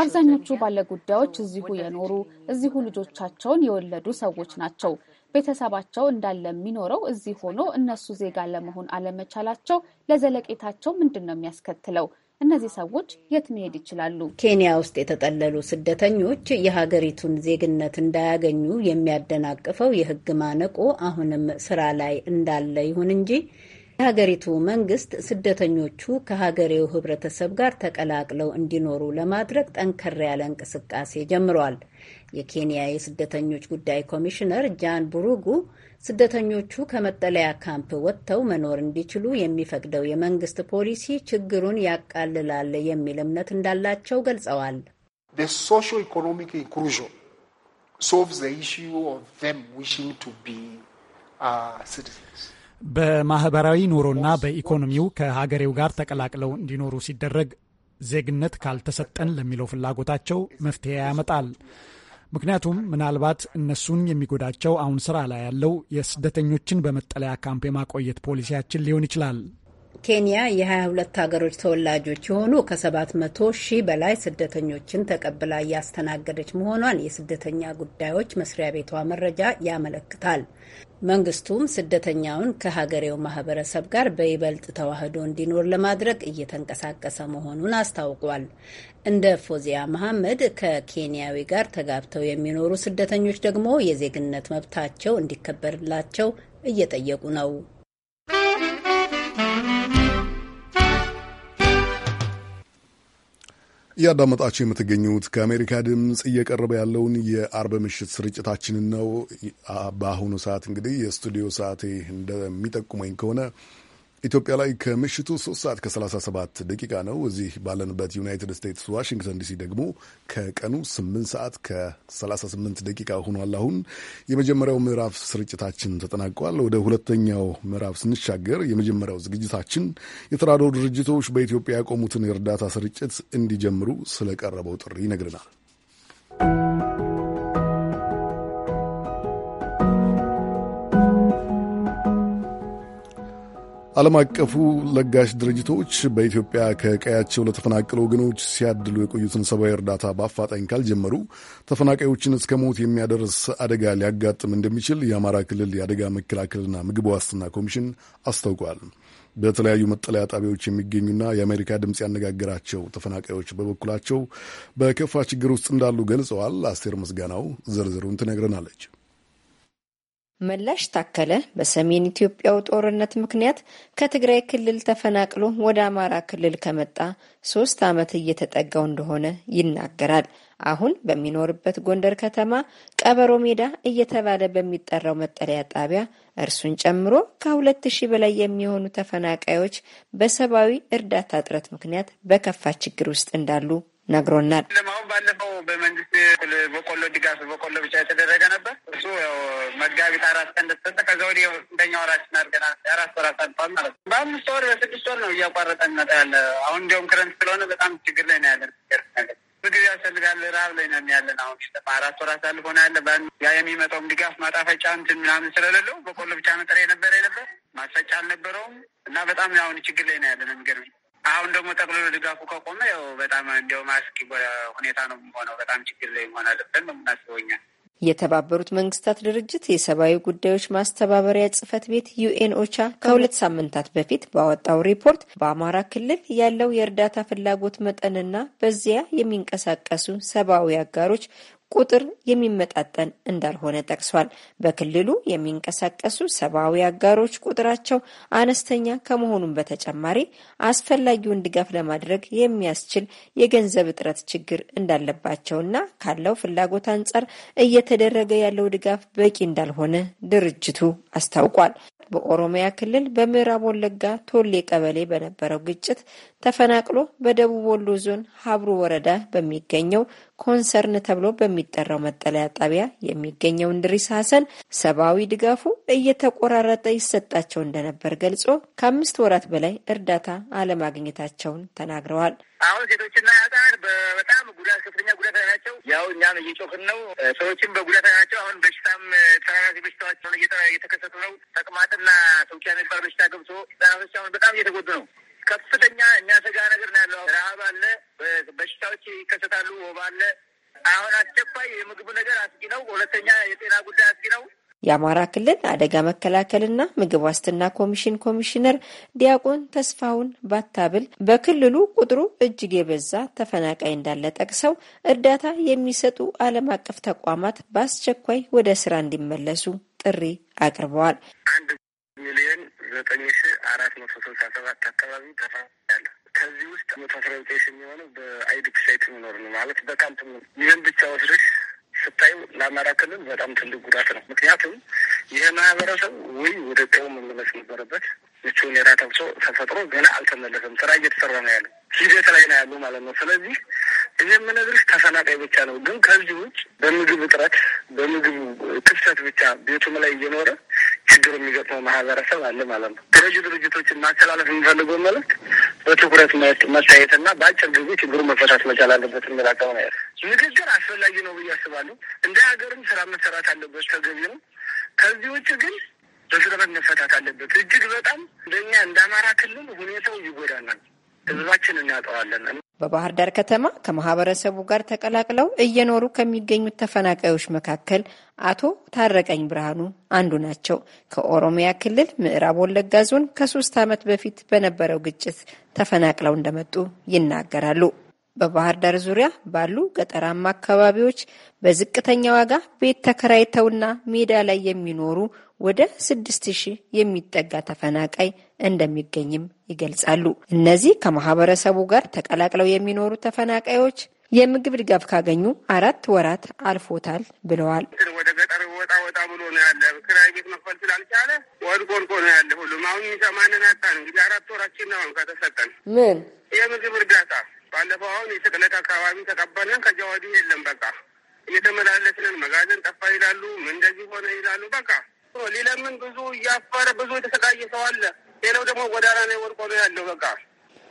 አብዛኞቹ ባለጉዳዮች እዚሁ የኖሩ እዚሁ ልጆቻቸውን የወለዱ ሰዎች ናቸው። ቤተሰባቸው እንዳለ የሚኖረው እዚህ ሆኖ እነሱ ዜጋ ለመሆን አለመቻላቸው ለዘለቄታቸው ምንድን ነው የሚያስከትለው? እነዚህ ሰዎች የት መሄድ ይችላሉ? ኬንያ ውስጥ የተጠለሉ ስደተኞች የሀገሪቱን ዜግነት እንዳያገኙ የሚያደናቅፈው የሕግ ማነቆ አሁንም ስራ ላይ እንዳለ ይሁን እንጂ የሀገሪቱ መንግስት ስደተኞቹ ከሀገሬው ህብረተሰብ ጋር ተቀላቅለው እንዲኖሩ ለማድረግ ጠንከር ያለ እንቅስቃሴ ጀምሯል። የኬንያ የስደተኞች ጉዳይ ኮሚሽነር ጃን ቡሩጉ ስደተኞቹ ከመጠለያ ካምፕ ወጥተው መኖር እንዲችሉ የሚፈቅደው የመንግስት ፖሊሲ ችግሩን ያቃልላል የሚል እምነት እንዳላቸው ገልጸዋል። ሶሾ ኢኮኖሚክ ኢንክሉዥን ሶልቭስ ዘ ኢሹ ኦፍ ዘም ቱ ቢ ሲቲዘንስ በማህበራዊ ኑሮና በኢኮኖሚው ከሀገሬው ጋር ተቀላቅለው እንዲኖሩ ሲደረግ ዜግነት ካልተሰጠን ለሚለው ፍላጎታቸው መፍትሄ ያመጣል። ምክንያቱም ምናልባት እነሱን የሚጎዳቸው አሁን ስራ ላይ ያለው የስደተኞችን በመጠለያ ካምፕ የማቆየት ፖሊሲያችን ሊሆን ይችላል። ኬንያ የ22 ሀገሮች ተወላጆች የሆኑ ከ700 ሺህ በላይ ስደተኞችን ተቀብላ እያስተናገደች መሆኗን የስደተኛ ጉዳዮች መስሪያ ቤቷ መረጃ ያመለክታል። መንግስቱም ስደተኛውን ከሀገሬው ማህበረሰብ ጋር በይበልጥ ተዋህዶ እንዲኖር ለማድረግ እየተንቀሳቀሰ መሆኑን አስታውቋል። እንደ ፎዚያ መሐመድ ከኬንያዊ ጋር ተጋብተው የሚኖሩ ስደተኞች ደግሞ የዜግነት መብታቸው እንዲከበርላቸው እየጠየቁ ነው። እያዳመጣችሁ የምትገኙት ከአሜሪካ ድምፅ እየቀረበ ያለውን የአርብ ምሽት ስርጭታችንን ነው። በአሁኑ ሰዓት እንግዲህ የስቱዲዮ ሰዓቴ እንደሚጠቁመኝ ከሆነ ኢትዮጵያ ላይ ከምሽቱ 3 ሰዓት ከ37 ደቂቃ ነው። እዚህ ባለንበት ዩናይትድ ስቴትስ ዋሽንግተን ዲሲ ደግሞ ከቀኑ 8 ሰዓት ከ38 ደቂቃ ሆኗል። አሁን የመጀመሪያው ምዕራፍ ስርጭታችን ተጠናቋል። ወደ ሁለተኛው ምዕራፍ ስንሻገር የመጀመሪያው ዝግጅታችን የተራድኦ ድርጅቶች በኢትዮጵያ ያቆሙትን የእርዳታ ስርጭት እንዲጀምሩ ስለቀረበው ጥሪ ይነግርናል። ዓለም አቀፉ ለጋሽ ድርጅቶች በኢትዮጵያ ከቀያቸው ለተፈናቀሉ ወገኖች ሲያድሉ የቆዩትን ሰብአዊ እርዳታ በአፋጣኝ ካልጀመሩ ተፈናቃዮችን እስከ ሞት የሚያደርስ አደጋ ሊያጋጥም እንደሚችል የአማራ ክልል የአደጋ መከላከልና ምግብ ዋስትና ኮሚሽን አስታውቋል። በተለያዩ መጠለያ ጣቢያዎች የሚገኙና የአሜሪካ ድምፅ ያነጋገራቸው ተፈናቃዮች በበኩላቸው በከፋ ችግር ውስጥ እንዳሉ ገልጸዋል። አስቴር ምስጋናው ዝርዝሩን ትነግረናለች። መላሽ ታከለ በሰሜን ኢትዮጵያው ጦርነት ምክንያት ከትግራይ ክልል ተፈናቅሎ ወደ አማራ ክልል ከመጣ ሶስት ዓመት እየተጠጋው እንደሆነ ይናገራል። አሁን በሚኖርበት ጎንደር ከተማ ቀበሮ ሜዳ እየተባለ በሚጠራው መጠለያ ጣቢያ እርሱን ጨምሮ ከሁለት ሺህ በላይ የሚሆኑ ተፈናቃዮች በሰብአዊ እርዳታ እጥረት ምክንያት በከፋ ችግር ውስጥ እንዳሉ ነግሮናል። አሁን ባለፈው በመንግስት በቆሎ ድጋፍ በቆሎ ብቻ የተደረገ ነበር። እሱ ያው መጋቢት አራት ቀን እንደተሰጠ ከዛ ወዲህ እንደኛ ወራችን አድርገን አራት ወር አሳልፏል ማለት ነው። በአምስት ወር በስድስት ወር ነው እያቋረጠን መጣ ያለ። አሁን እንዲያውም ክረምት ስለሆነ በጣም ችግር ላይ ነው ያለን ነገር ምግብ ያስፈልጋል። ረሀብ ላይ ነው ያለን። አሁን አራት ወር አሳልፎ ነው ያለ። ያ የሚመጣውም ድጋፍ ማጣፈጫ እንትን ምናምን ስለሌለው በቆሎ ብቻ መጠሪያ የነበረ ነበር ማስፈጫ አልነበረውም እና በጣም አሁን ችግር ላይ ነው ያለን። የሚገርምሽ አሁን ደግሞ ጠቅልሎ ድጋፉ ከቆመ ያው በጣም እንዲያውም አስጊ ሁኔታ ነው ሆነው በጣም ችግር ላይ ይሆናል ብለን ነው የምናስበው። የተባበሩት መንግስታት ድርጅት የሰብአዊ ጉዳዮች ማስተባበሪያ ጽህፈት ቤት ዩኤን ኦቻ ከሁለት ሳምንታት በፊት ባወጣው ሪፖርት በአማራ ክልል ያለው የእርዳታ ፍላጎት መጠንና በዚያ የሚንቀሳቀሱ ሰብአዊ አጋሮች ቁጥር የሚመጣጠን እንዳልሆነ ጠቅሷል። በክልሉ የሚንቀሳቀሱ ሰብአዊ አጋሮች ቁጥራቸው አነስተኛ ከመሆኑም በተጨማሪ አስፈላጊውን ድጋፍ ለማድረግ የሚያስችል የገንዘብ እጥረት ችግር እንዳለባቸውና ካለው ፍላጎት አንጻር እየተደረገ ያለው ድጋፍ በቂ እንዳልሆነ ድርጅቱ አስታውቋል። በኦሮሚያ ክልል በምዕራብ ወለጋ ቶሌ ቀበሌ በነበረው ግጭት ተፈናቅሎ በደቡብ ወሎ ዞን ሀብሩ ወረዳ በሚገኘው ኮንሰርን ተብሎ በሚጠራው መጠለያ ጣቢያ የሚገኘው እንድሪስ ሀሰን ሰብአዊ ድጋፉ እየተቆራረጠ ይሰጣቸው እንደነበር ገልጾ ከአምስት ወራት በላይ እርዳታ አለማግኘታቸውን ተናግረዋል። አሁን ሴቶችና ህጻናት በጣም ጉዳት ከፍተኛ ጉዳት ላይ ናቸው። ያው እኛም እየጮክን ነው። ሰዎችም በጉዳት ላይ ናቸው። አሁን በሽታም ተራራሲ በሽታዎች እየተከሰቱ ነው። ተቅማጥና ተውኪያ የሚባል በሽታ ገብቶ ህጻናቶች አሁን በጣም እየተጎዱ ነው። ከፍተኛ የሚያሰጋ ነገር ነው ያለው። ረሀብ አለ፣ በሽታዎች ይከሰታሉ፣ ወባ አለ። አሁን አስቸኳይ የምግቡ ነገር አስጊ ነው። ሁለተኛ የጤና ጉዳይ አስጊ ነው። የአማራ ክልል አደጋ መከላከልና ምግብ ዋስትና ኮሚሽን ኮሚሽነር ዲያቆን ተስፋውን ባታብል በክልሉ ቁጥሩ እጅግ የበዛ ተፈናቃይ እንዳለ ጠቅሰው እርዳታ የሚሰጡ ዓለም አቀፍ ተቋማት በአስቸኳይ ወደ ስራ እንዲመለሱ ጥሪ አቅርበዋል። አንድ ሚሊዮን ዘጠኝ ሺ አራት መቶ ስልሳ ሰባት አካባቢ ተፈናቃያለ ከዚህ ውስጥ መቶ አስራ ዘጠኝ ሺ የሚሆነው በአይዲፕ ሳይት የሚኖር ነው ማለት በካምፕ ይህን ብቻ ወስደሽ ስታዩ ለአማራ ክልል በጣም ትልቅ ጉዳት ነው። ምክንያቱም ይህ ማህበረሰብ ወይ ወደ ቀዩ መመለስ ነበረበት። ምቹን የራተብሶ ተፈጥሮ ገና አልተመለሰም። ስራ እየተሰራ ነው ያለው፣ ሂደት ላይ ነው ያሉ ማለት ነው። ስለዚህ ይህ የምነግርሽ ተፈናቃይ ብቻ ነው። ግን ከዚህ ውጭ በምግብ እጥረት በምግብ ክፍተት ብቻ ቤቱም ላይ እየኖረ ችግር የሚገጥመው ማህበረሰብ አለ ማለት ነው። ረጅ ድርጅቶችን ማስተላለፍ የሚፈልገው መልዕክት በትኩረት መታየትና በአጭር ጊዜ ችግሩ መፈታት መቻል አለበት የሚል አቋም ነው። ንግግር አስፈላጊ ነው ብዬ አስባለሁ። እንደ ሀገርም ስራ መሰራት አለበት፣ ተገቢ ነው። ከዚህ ውጭ ግን በፍጥነት መፈታት አለበት። እጅግ በጣም እንደኛ እንደ አማራ ክልል ሁኔታው ይጎዳናል፣ ህዝባችን እናጠዋለን። በባህር ዳር ከተማ ከማህበረሰቡ ጋር ተቀላቅለው እየኖሩ ከሚገኙት ተፈናቃዮች መካከል አቶ ታረቀኝ ብርሃኑ አንዱ ናቸው። ከኦሮሚያ ክልል ምዕራብ ወለጋ ዞን ከሶስት ዓመት በፊት በነበረው ግጭት ተፈናቅለው እንደመጡ ይናገራሉ። በባህር ዳር ዙሪያ ባሉ ገጠራማ አካባቢዎች በዝቅተኛ ዋጋ ቤት ተከራይተውና ሜዳ ላይ የሚኖሩ ወደ ስድስት ሺህ የሚጠጋ ተፈናቃይ እንደሚገኝም ይገልጻሉ። እነዚህ ከማህበረሰቡ ጋር ተቀላቅለው የሚኖሩ ተፈናቃዮች የምግብ ድጋፍ ካገኙ አራት ወራት አልፎታል ብለዋል። ወደ ገጠር ወጣ ወጣ ብሎ ነው ያለ። ክራይ ቤት መክፈል ስላልቻለ ወድቆ ወድቆ ነው ያለ። ሁሉም አሁን የሚሰማንን አጣን። እንግዲህ አራት ወራችን ነው አሁን ከተሰጠን ምን የምግብ እርዳታ ባለፈው አሁን የስቅለት አካባቢ ተቀበልን። ከዚያ ወዲህ የለም። በቃ እየተመላለስንን መጋዘን ጠፋ ይላሉ፣ ምን እንደዚህ ሆነ ይላሉ። በቃ ሊለምን ብዙ እያፈረ ብዙ የተሰቃየ ሰው አለ። ሌላው ደግሞ ጎዳና ላይ ወድቆ ነው ያለው። በቃ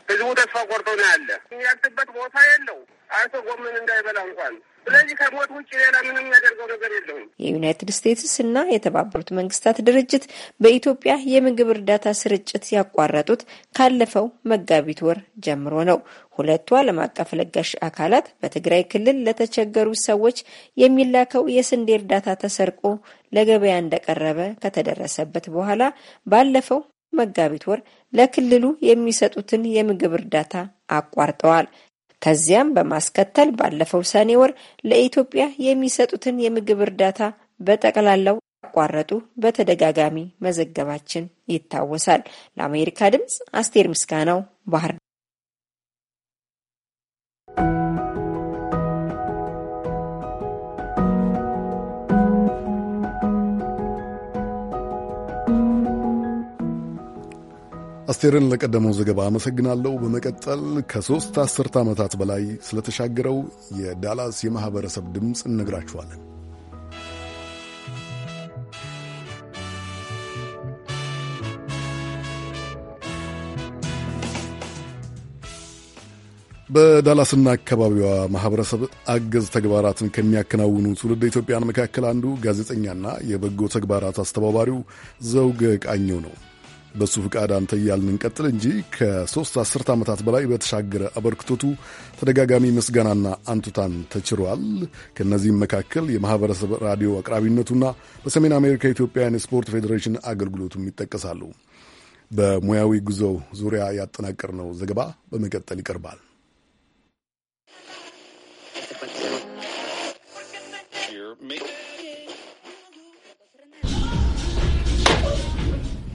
ህዝቡ ተስፋ ቆርጦ ነው ያለ። የሚያርትበት ቦታ የለው። አቶ ጎመን እንዳይበላ እንኳን ስለዚህ ከሞት ውጭ ሌላ ምንም ያደርገው ነገር የለውም። የዩናይትድ ስቴትስ እና የተባበሩት መንግስታት ድርጅት በኢትዮጵያ የምግብ እርዳታ ስርጭት ያቋረጡት ካለፈው መጋቢት ወር ጀምሮ ነው። ሁለቱ ዓለም አቀፍ ለጋሽ አካላት በትግራይ ክልል ለተቸገሩ ሰዎች የሚላከው የስንዴ እርዳታ ተሰርቆ ለገበያ እንደቀረበ ከተደረሰበት በኋላ ባለፈው መጋቢት ወር ለክልሉ የሚሰጡትን የምግብ እርዳታ አቋርጠዋል። ከዚያም በማስከተል ባለፈው ሰኔ ወር ለኢትዮጵያ የሚሰጡትን የምግብ እርዳታ በጠቅላላው አቋረጡ በተደጋጋሚ መዘገባችን ይታወሳል። ለአሜሪካ ድምፅ አስቴር ምስጋናው ባህር አስቴርን ለቀደመው ዘገባ አመሰግናለሁ። በመቀጠል ከሦስት አስርት ዓመታት በላይ ስለተሻገረው የዳላስ የማኅበረሰብ ድምፅ እነግራችኋለን። በዳላስና አካባቢዋ ማኅበረሰብ አገዝ ተግባራትን ከሚያከናውኑ ትውልድ ኢትዮጵያን መካከል አንዱ ጋዜጠኛና የበጎ ተግባራት አስተባባሪው ዘውገ ቃኘው ነው። በሱ ፍቃድ አንተ እያልን እንቀጥል እንጂ ከሶስት አስርት ዓመታት በላይ በተሻገረ አበርክቶቱ ተደጋጋሚ ምስጋናና አንቱታን ተችሯል። ከእነዚህም መካከል የማኅበረሰብ ራዲዮ አቅራቢነቱና በሰሜን አሜሪካ ኢትዮጵያውያን የስፖርት ፌዴሬሽን አገልግሎቱም ይጠቀሳሉ። በሙያዊ ጉዞ ዙሪያ ያጠናቀርነው ዘገባ በመቀጠል ይቀርባል።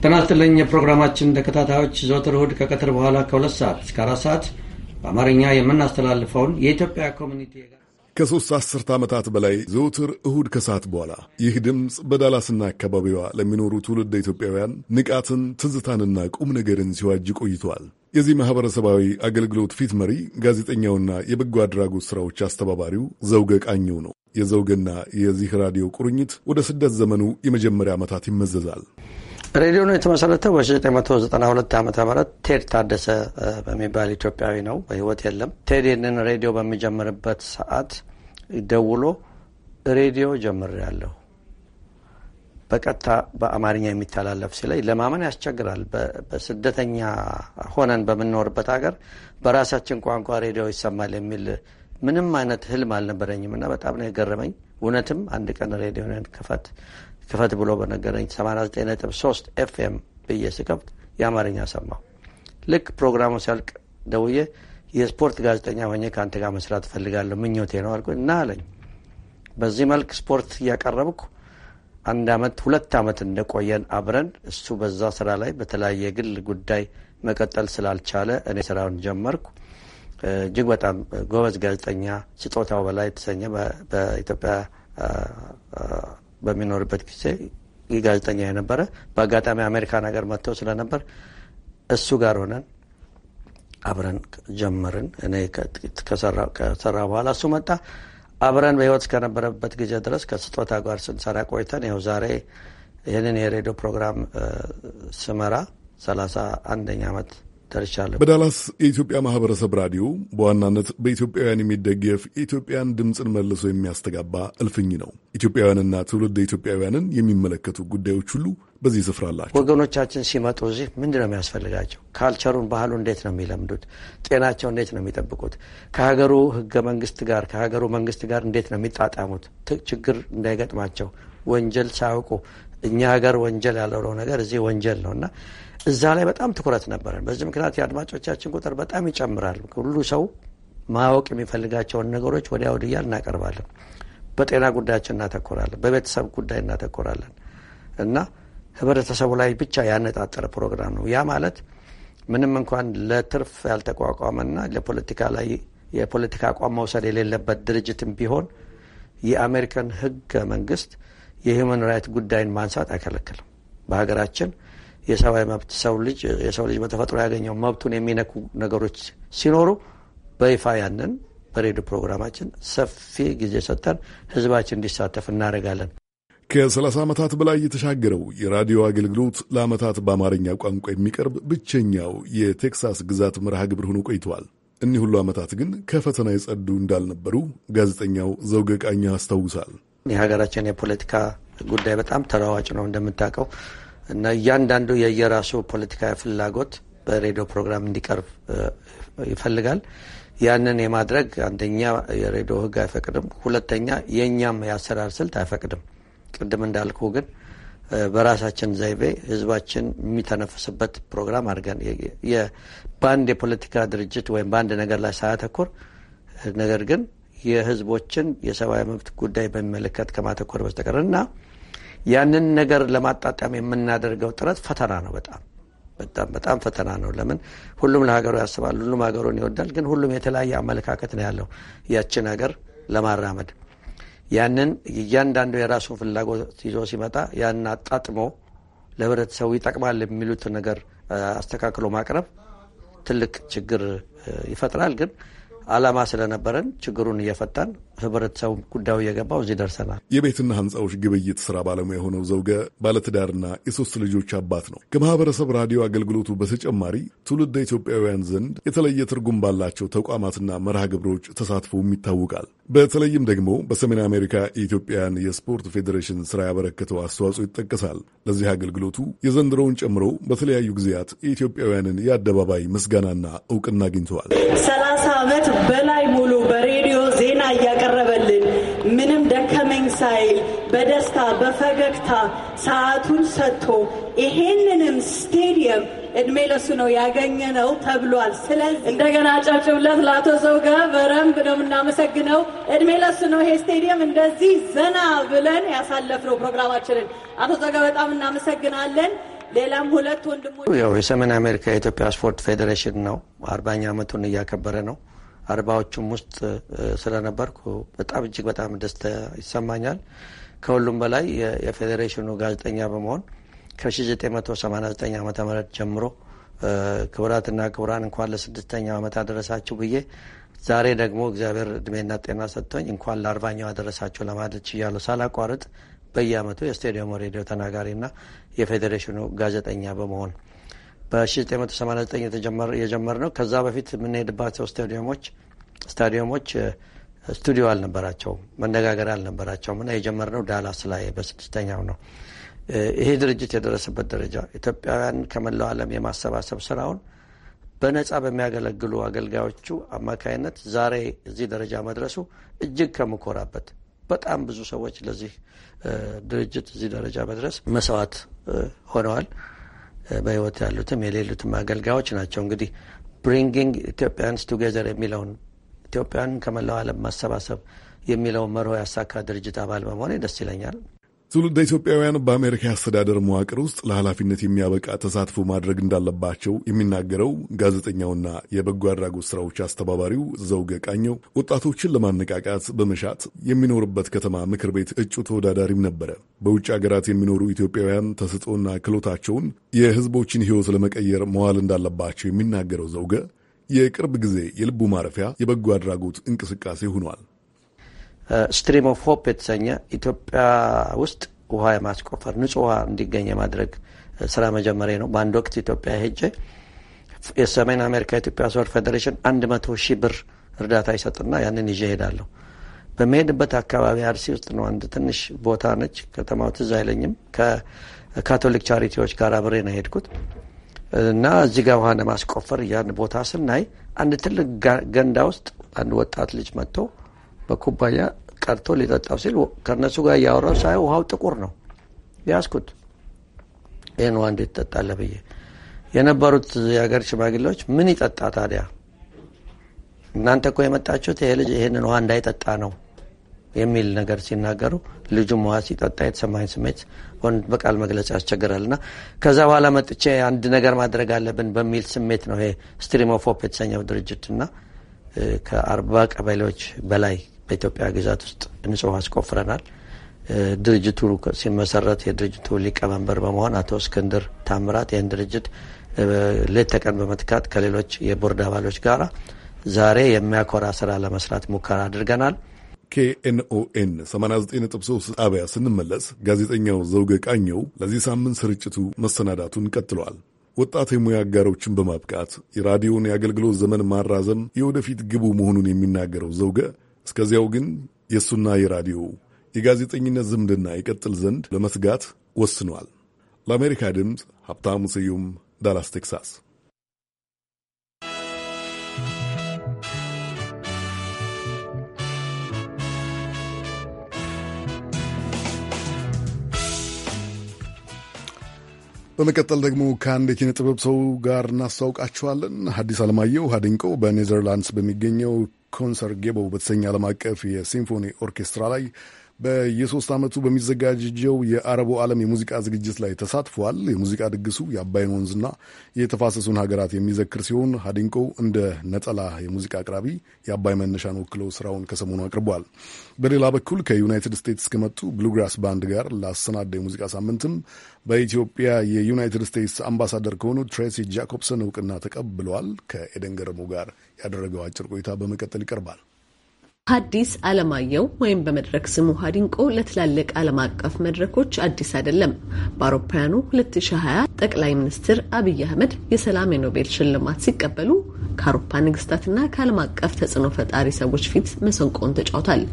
ጤና ይስጥልኝ። የፕሮግራማችን ተከታታዮች ዘወትር እሁድ ከቀትር በኋላ ከሁለት ሰዓት እስከ አራት ሰዓት በአማርኛ የምናስተላልፈውን የኢትዮጵያ ኮሚኒቲ ከሶስት አስርተ ዓመታት በላይ ዘውትር እሁድ ከሰዓት በኋላ ይህ ድምፅ በዳላስና አካባቢዋ ለሚኖሩ ትውልድ ኢትዮጵያውያን ንቃትን፣ ትዝታንና ቁም ነገርን ሲዋጅ ቆይተዋል። የዚህ ማኅበረሰባዊ አገልግሎት ፊት መሪ ጋዜጠኛውና የበጎ አድራጎት ሥራዎች አስተባባሪው ዘውገ ቃኘው ነው። የዘውገና የዚህ ራዲዮ ቁርኝት ወደ ስደት ዘመኑ የመጀመሪያ ዓመታት ይመዘዛል። ሬዲዮኑ የተመሰረተው በ1992 ዓ ም ቴድ ታደሰ በሚባል ኢትዮጵያዊ ነው፣ በህይወት የለም። ቴድ ይህንን ሬዲዮ በሚጀምርበት ሰዓት ደውሎ ሬዲዮ ጀምር ያለሁ በቀጥታ በአማርኛ የሚተላለፍ ሲለኝ ለማመን ያስቸግራል። በስደተኛ ሆነን በምንኖርበት ሀገር በራሳችን ቋንቋ ሬዲዮ ይሰማል የሚል ምንም አይነት ህልም አልነበረኝም እና በጣም ነው የገረመኝ። እውነትም አንድ ቀን ሬዲዮን ክፈት ክፈት ብሎ በነገረኝ 89.3 ኤፍኤም ብዬ ስከፍት የአማርኛ ሰማሁ። ልክ ፕሮግራሙ ሲያልቅ ደውዬ የስፖርት ጋዜጠኛ ሆኜ ከአንተ ጋር መስራት እፈልጋለሁ ምኞቴ ነው አልኩኝ እና አለኝ። በዚህ መልክ ስፖርት እያቀረብኩ አንድ አመት ሁለት አመት እንደቆየን አብረን እሱ በዛ ስራ ላይ በተለያየ ግል ጉዳይ መቀጠል ስላልቻለ እኔ ስራውን ጀመርኩ። እጅግ በጣም ጎበዝ ጋዜጠኛ ስጦታው በላይ የተሰኘ በኢትዮጵያ በሚኖርበት ጊዜ ጋዜጠኛ የነበረ በአጋጣሚ አሜሪካን ሀገር መጥተው ስለነበር እሱ ጋር ሆነን አብረን ጀመርን። እኔ ከሰራ በኋላ እሱ መጣ። አብረን በህይወት እስከነበረበት ጊዜ ድረስ ከስጦታ ጋር ስንሰራ ቆይተን ይኸው ዛሬ ይህንን የሬዲዮ ፕሮግራም ስመራ ሰላሳ አንደኛ ዓመት ተርቻለሁ። በዳላስ የኢትዮጵያ ማህበረሰብ ራዲዮ በዋናነት በኢትዮጵያውያን የሚደገፍ የኢትዮጵያን ድምፅን መልሶ የሚያስተጋባ እልፍኝ ነው። ኢትዮጵያውያንና ትውልድ ኢትዮጵያውያንን የሚመለከቱ ጉዳዮች ሁሉ በዚህ ስፍራ አላቸው። ወገኖቻችን ሲመጡ እዚህ ምንድን ነው የሚያስፈልጋቸው? ካልቸሩን ባህሉ እንዴት ነው የሚለምዱት? ጤናቸው እንዴት ነው የሚጠብቁት? ከሀገሩ ህገ መንግስት ጋር ከሀገሩ መንግስት ጋር እንዴት ነው የሚጣጣሙት? ችግር እንዳይገጥማቸው ወንጀል ሳያውቁ እኛ ሀገር ወንጀል ያለው ነገር እዚህ ወንጀል ነው እና እዛ ላይ በጣም ትኩረት ነበረን። በዚህ ምክንያት የአድማጮቻችን ቁጥር በጣም ይጨምራል። ሁሉ ሰው ማወቅ የሚፈልጋቸውን ነገሮች ወዲያ ወዲያ እናቀርባለን። በጤና ጉዳያችን እናተኮራለን። በቤተሰብ ጉዳይ እናተኮራለን እና ህብረተሰቡ ላይ ብቻ ያነጣጠረ ፕሮግራም ነው። ያ ማለት ምንም እንኳን ለትርፍ ያልተቋቋመና ለፖለቲካ ላይ የፖለቲካ አቋም መውሰድ የሌለበት ድርጅትም ቢሆን የአሜሪካን ህገ መንግስት የሁመን ራይት ጉዳይን ማንሳት አይከለክልም። በሀገራችን የሰብአዊ መብት ሰው ልጅ የሰው ልጅ በተፈጥሮ ያገኘው መብቱን የሚነኩ ነገሮች ሲኖሩ በይፋ ያንን በሬዲዮ ፕሮግራማችን ሰፊ ጊዜ ሰጥተን ህዝባችን እንዲሳተፍ እናደርጋለን። ከ30 ዓመታት በላይ የተሻገረው የራዲዮ አገልግሎት ለዓመታት በአማርኛ ቋንቋ የሚቀርብ ብቸኛው የቴክሳስ ግዛት መርሃ ግብር ሆኖ ቆይተዋል። እኒህ ሁሉ ዓመታት ግን ከፈተና የጸዱ እንዳልነበሩ ጋዜጠኛው ዘውገቃኛ አስታውሳል። የሀገራችን የፖለቲካ ጉዳይ በጣም ተለዋዋጭ ነው እንደምታውቀው እና እያንዳንዱ የየራሱ ፖለቲካዊ ፍላጎት በሬዲዮ ፕሮግራም እንዲቀርብ ይፈልጋል። ያንን የማድረግ አንደኛ የሬዲዮ ሕግ አይፈቅድም፣ ሁለተኛ የእኛም የአሰራር ስልት አይፈቅድም። ቅድም እንዳልኩ ግን በራሳችን ዘይቤ ህዝባችን የሚተነፍስበት ፕሮግራም አድርገን በአንድ የፖለቲካ ድርጅት ወይም በአንድ ነገር ላይ ሳያተኩር ነገር ግን የህዝቦችን የሰብአዊ መብት ጉዳይ በሚመለከት ከማተኮር በስተቀር እና ያንን ነገር ለማጣጣም የምናደርገው ጥረት ፈተና ነው። በጣም በጣም በጣም ፈተና ነው። ለምን ሁሉም ለሀገሩ ያስባል፣ ሁሉም ሀገሩን ይወዳል። ግን ሁሉም የተለያየ አመለካከት ነው ያለው ያችን ሀገር ለማራመድ ያንን እያንዳንዱ የራሱን ፍላጎት ይዞ ሲመጣ ያንን አጣጥሞ ለህብረተሰቡ ይጠቅማል የሚሉት ነገር አስተካክሎ ማቅረብ ትልቅ ችግር ይፈጥራል። ግን አላማ ስለነበረን ችግሩን እየፈታን ህብረተሰቡ ጉዳዩ እየገባው እዚህ ደርሰናል። የቤትና ህንፃዎች ግብይት ስራ ባለሙያ የሆነው ዘውገ ባለትዳርና የሶስት ልጆች አባት ነው። ከማህበረሰብ ራዲዮ አገልግሎቱ በተጨማሪ ትውልደ ኢትዮጵያውያን ዘንድ የተለየ ትርጉም ባላቸው ተቋማትና መርሃ ግብሮች ተሳትፎም ይታወቃል። በተለይም ደግሞ በሰሜን አሜሪካ የኢትዮጵያን የስፖርት ፌዴሬሽን ስራ ያበረከተው አስተዋጽኦ ይጠቀሳል። ለዚህ አገልግሎቱ የዘንድሮውን ጨምሮ በተለያዩ ጊዜያት የኢትዮጵያውያንን የአደባባይ ምስጋናና እውቅና አግኝተዋል። ሰላሳ ዓመት በላይ ሙሉ በሬዲዮ በደስታ በፈገግታ ሰዓቱን ሰጥቶ ይሄንንም ስቴዲየም እድሜ ለሱ ነው ያገኘ ነው ተብሏል። ስለዚህ እንደገና ጨብጭብለት ለአቶ ዘውጋ በረንብ ነው የምናመሰግነው። እድሜ ለሱ ነው ይሄ ስቴዲየም እንደዚህ ዘና ብለን ያሳለፍነው ፕሮግራማችንን። አቶ ዘውጋ በጣም እናመሰግናለን። ሌላም ሁለት ወንድሞች ያው የሰሜን አሜሪካ የኢትዮጵያ ስፖርት ፌዴሬሽን ነው አርባኛ ዓመቱን እያከበረ ነው። አርባዎቹም ውስጥ ስለነበርኩ በጣም እጅግ በጣም ደስታ ይሰማኛል። ከሁሉም በላይ የፌዴሬሽኑ ጋዜጠኛ በመሆን ከ1989 ዓ ም ጀምሮ ክቡራትና ክቡራን እንኳን ለስድስተኛው ዓመት አደረሳችሁ ብዬ ዛሬ ደግሞ እግዚአብሔር እድሜና ጤና ሰጥቶኝ እንኳን ለአርባኛው አደረሳችሁ ለማለት ችያለሁ ሳላቋርጥ በየአመቱ የስቴዲየሙ ሬዲዮ ተናጋሪና የፌዴሬሽኑ ጋዜጠኛ በመሆን በ1989 የጀመርነው ከዛ በፊት የምንሄድባቸው ስታዲየሞች ስቱዲዮ አልነበራቸውም፣ መነጋገር አልነበራቸውም እና የጀመርነው ዳላስ ላይ በስድስተኛው ነው። ይሄ ድርጅት የደረሰበት ደረጃ ኢትዮጵያውያን ከመላው ዓለም የማሰባሰብ ስራውን በነጻ በሚያገለግሉ አገልጋዮቹ አማካይነት ዛሬ እዚህ ደረጃ መድረሱ እጅግ ከምኮራበት በጣም ብዙ ሰዎች ለዚህ ድርጅት እዚህ ደረጃ መድረስ መስዋዕት ሆነዋል። በህይወት ያሉትም የሌሉትም አገልጋዮች ናቸው። እንግዲህ ብሪንጊንግ ኢትዮጵያንስ ቱጌዘር የሚለውን ኢትዮጵያን ከመላው ዓለም ማሰባሰብ የሚለው መርሆ ያሳካ ድርጅት አባል በመሆኔ ደስ ይለኛል። ትውልደ ኢትዮጵያውያን በአሜሪካ አስተዳደር መዋቅር ውስጥ ለኃላፊነት የሚያበቃ ተሳትፎ ማድረግ እንዳለባቸው የሚናገረው ጋዜጠኛውና የበጎ አድራጎት ስራዎች አስተባባሪው ዘውገ ቃኘው ወጣቶችን ለማነቃቃት በመሻት የሚኖርበት ከተማ ምክር ቤት እጩ ተወዳዳሪም ነበረ። በውጭ ሀገራት የሚኖሩ ኢትዮጵያውያን ተሰጥኦና ክህሎታቸውን የሕዝቦችን ሕይወት ለመቀየር መዋል እንዳለባቸው የሚናገረው ዘውገ የቅርብ ጊዜ የልቡ ማረፊያ የበጎ አድራጎት እንቅስቃሴ ሆኗል። ስትሪም ኦፍ ሆፕ የተሰኘ ኢትዮጵያ ውስጥ ውሃ የማስቆፈር ንጹህ ውሃ እንዲገኝ የማድረግ ስራ መጀመሪያ ነው። በአንድ ወቅት ኢትዮጵያ ሄጄ የሰሜን አሜሪካ ኢትዮጵያ ስፖርት ፌዴሬሽን አንድ መቶ ሺህ ብር እርዳታ ይሰጥና ያንን ይዤ ሄዳለሁ። በመሄድበት አካባቢ አርሲ ውስጥ ነው። አንድ ትንሽ ቦታ ነች ከተማው፣ ትዝ አይለኝም። ከካቶሊክ ቻሪቲዎች ጋር አብሬ ነው የሄድኩት። እና እዚህ ጋር ውሃ ለማስቆፈር ያን ቦታ ስናይ አንድ ትልቅ ገንዳ ውስጥ አንድ ወጣት ልጅ መጥቶ በኩባያ ቀርቶ ሊጠጣው ሲል ከእነሱ ጋር እያወራው ሳይ ውሃው ጥቁር ነው ያስኩት። ይህን ውሃ እንዴት ትጠጣለህ ብዬ የነበሩት የሀገር ሽማግሌዎች ምን ይጠጣ ታዲያ እናንተ እኮ የመጣችሁት ይሄ ልጅ ይህንን ውሃ እንዳይጠጣ ነው የሚል ነገር ሲናገሩ ልጁም ውሃ ሲጠጣ የተሰማኝ ስሜት በቃል መግለጽ ያስቸግራልና ከዛ በኋላ መጥቼ አንድ ነገር ማድረግ አለብን በሚል ስሜት ነው ይሄ ስትሪም ኦፍ ሆፕ የተሰኘው ድርጅትና ከአርባ ቀበሌዎች በላይ በኢትዮጵያ ግዛት ውስጥ ንጹህ ውሃ አስቆፍረናል። ድርጅቱ ሲመሰረት የድርጅቱ ሊቀመንበር በመሆን አቶ እስክንድር ታምራት ይህን ድርጅት ሌት ተቀን በመትካት ከሌሎች የቦርድ አባሎች ጋራ ዛሬ የሚያኮራ ስራ ለመስራት ሙከራ አድርገናል። ኬኤንኦኤን 89.3 ጣቢያ ስንመለስ ጋዜጠኛው ዘውገ ቃኘው ለዚህ ሳምንት ስርጭቱ መሰናዳቱን ቀጥሏል። ወጣት የሙያ አጋሮችን በማብቃት የራዲዮን የአገልግሎት ዘመን ማራዘም የወደፊት ግቡ መሆኑን የሚናገረው ዘውገ እስከዚያው ግን የእሱና የራዲዮ የጋዜጠኝነት ዝምድና ይቀጥል ዘንድ ለመስጋት ወስኗል። ለአሜሪካ ድምፅ ሀብታሙ ስዩም ዳላስ ቴክሳስ በመቀጠል ደግሞ ከአንድ የኪነ ጥበብ ሰው ጋር እናስታውቃችኋለን። ሐዲስ አለማየሁ ሀድንቆ በኔዘርላንድስ በሚገኘው ኮንሰርት ጌቦ በተሰኘ ዓለም አቀፍ የሲምፎኒ ኦርኬስትራ ላይ በየሶስት ዓመቱ በሚዘጋጀው የአረቡ ዓለም የሙዚቃ ዝግጅት ላይ ተሳትፏል። የሙዚቃ ድግሱ የአባይን ወንዝና የተፋሰሱን ሀገራት የሚዘክር ሲሆን ሀዲንቆ እንደ ነጠላ የሙዚቃ አቅራቢ የአባይ መነሻን ወክለው ስራውን ከሰሞኑ አቅርቧል። በሌላ በኩል ከዩናይትድ ስቴትስ ከመጡ ብሉግራስ ባንድ ጋር ላሰናዳ የሙዚቃ ሳምንትም በኢትዮጵያ የዩናይትድ ስቴትስ አምባሳደር ከሆኑ ትሬሲ ጃኮብሰን እውቅና ተቀብለዋል። ከኤደን ገረሙ ጋር ያደረገው አጭር ቆይታ በመቀጠል ይቀርባል። ሀዲስ አለማየሁ ወይም በመድረክ ስሙ ሀዲንቆ ለትላልቅ ዓለም አቀፍ መድረኮች አዲስ አይደለም። በአውሮፓውያኑ 2020 ጠቅላይ ሚኒስትር አብይ አህመድ የሰላም የኖቤል ሽልማት ሲቀበሉ ከአውሮፓ ንግስታትና ከዓለም አቀፍ ተጽዕኖ ፈጣሪ ሰዎች ፊት መሰንቆን ተጫውቷል።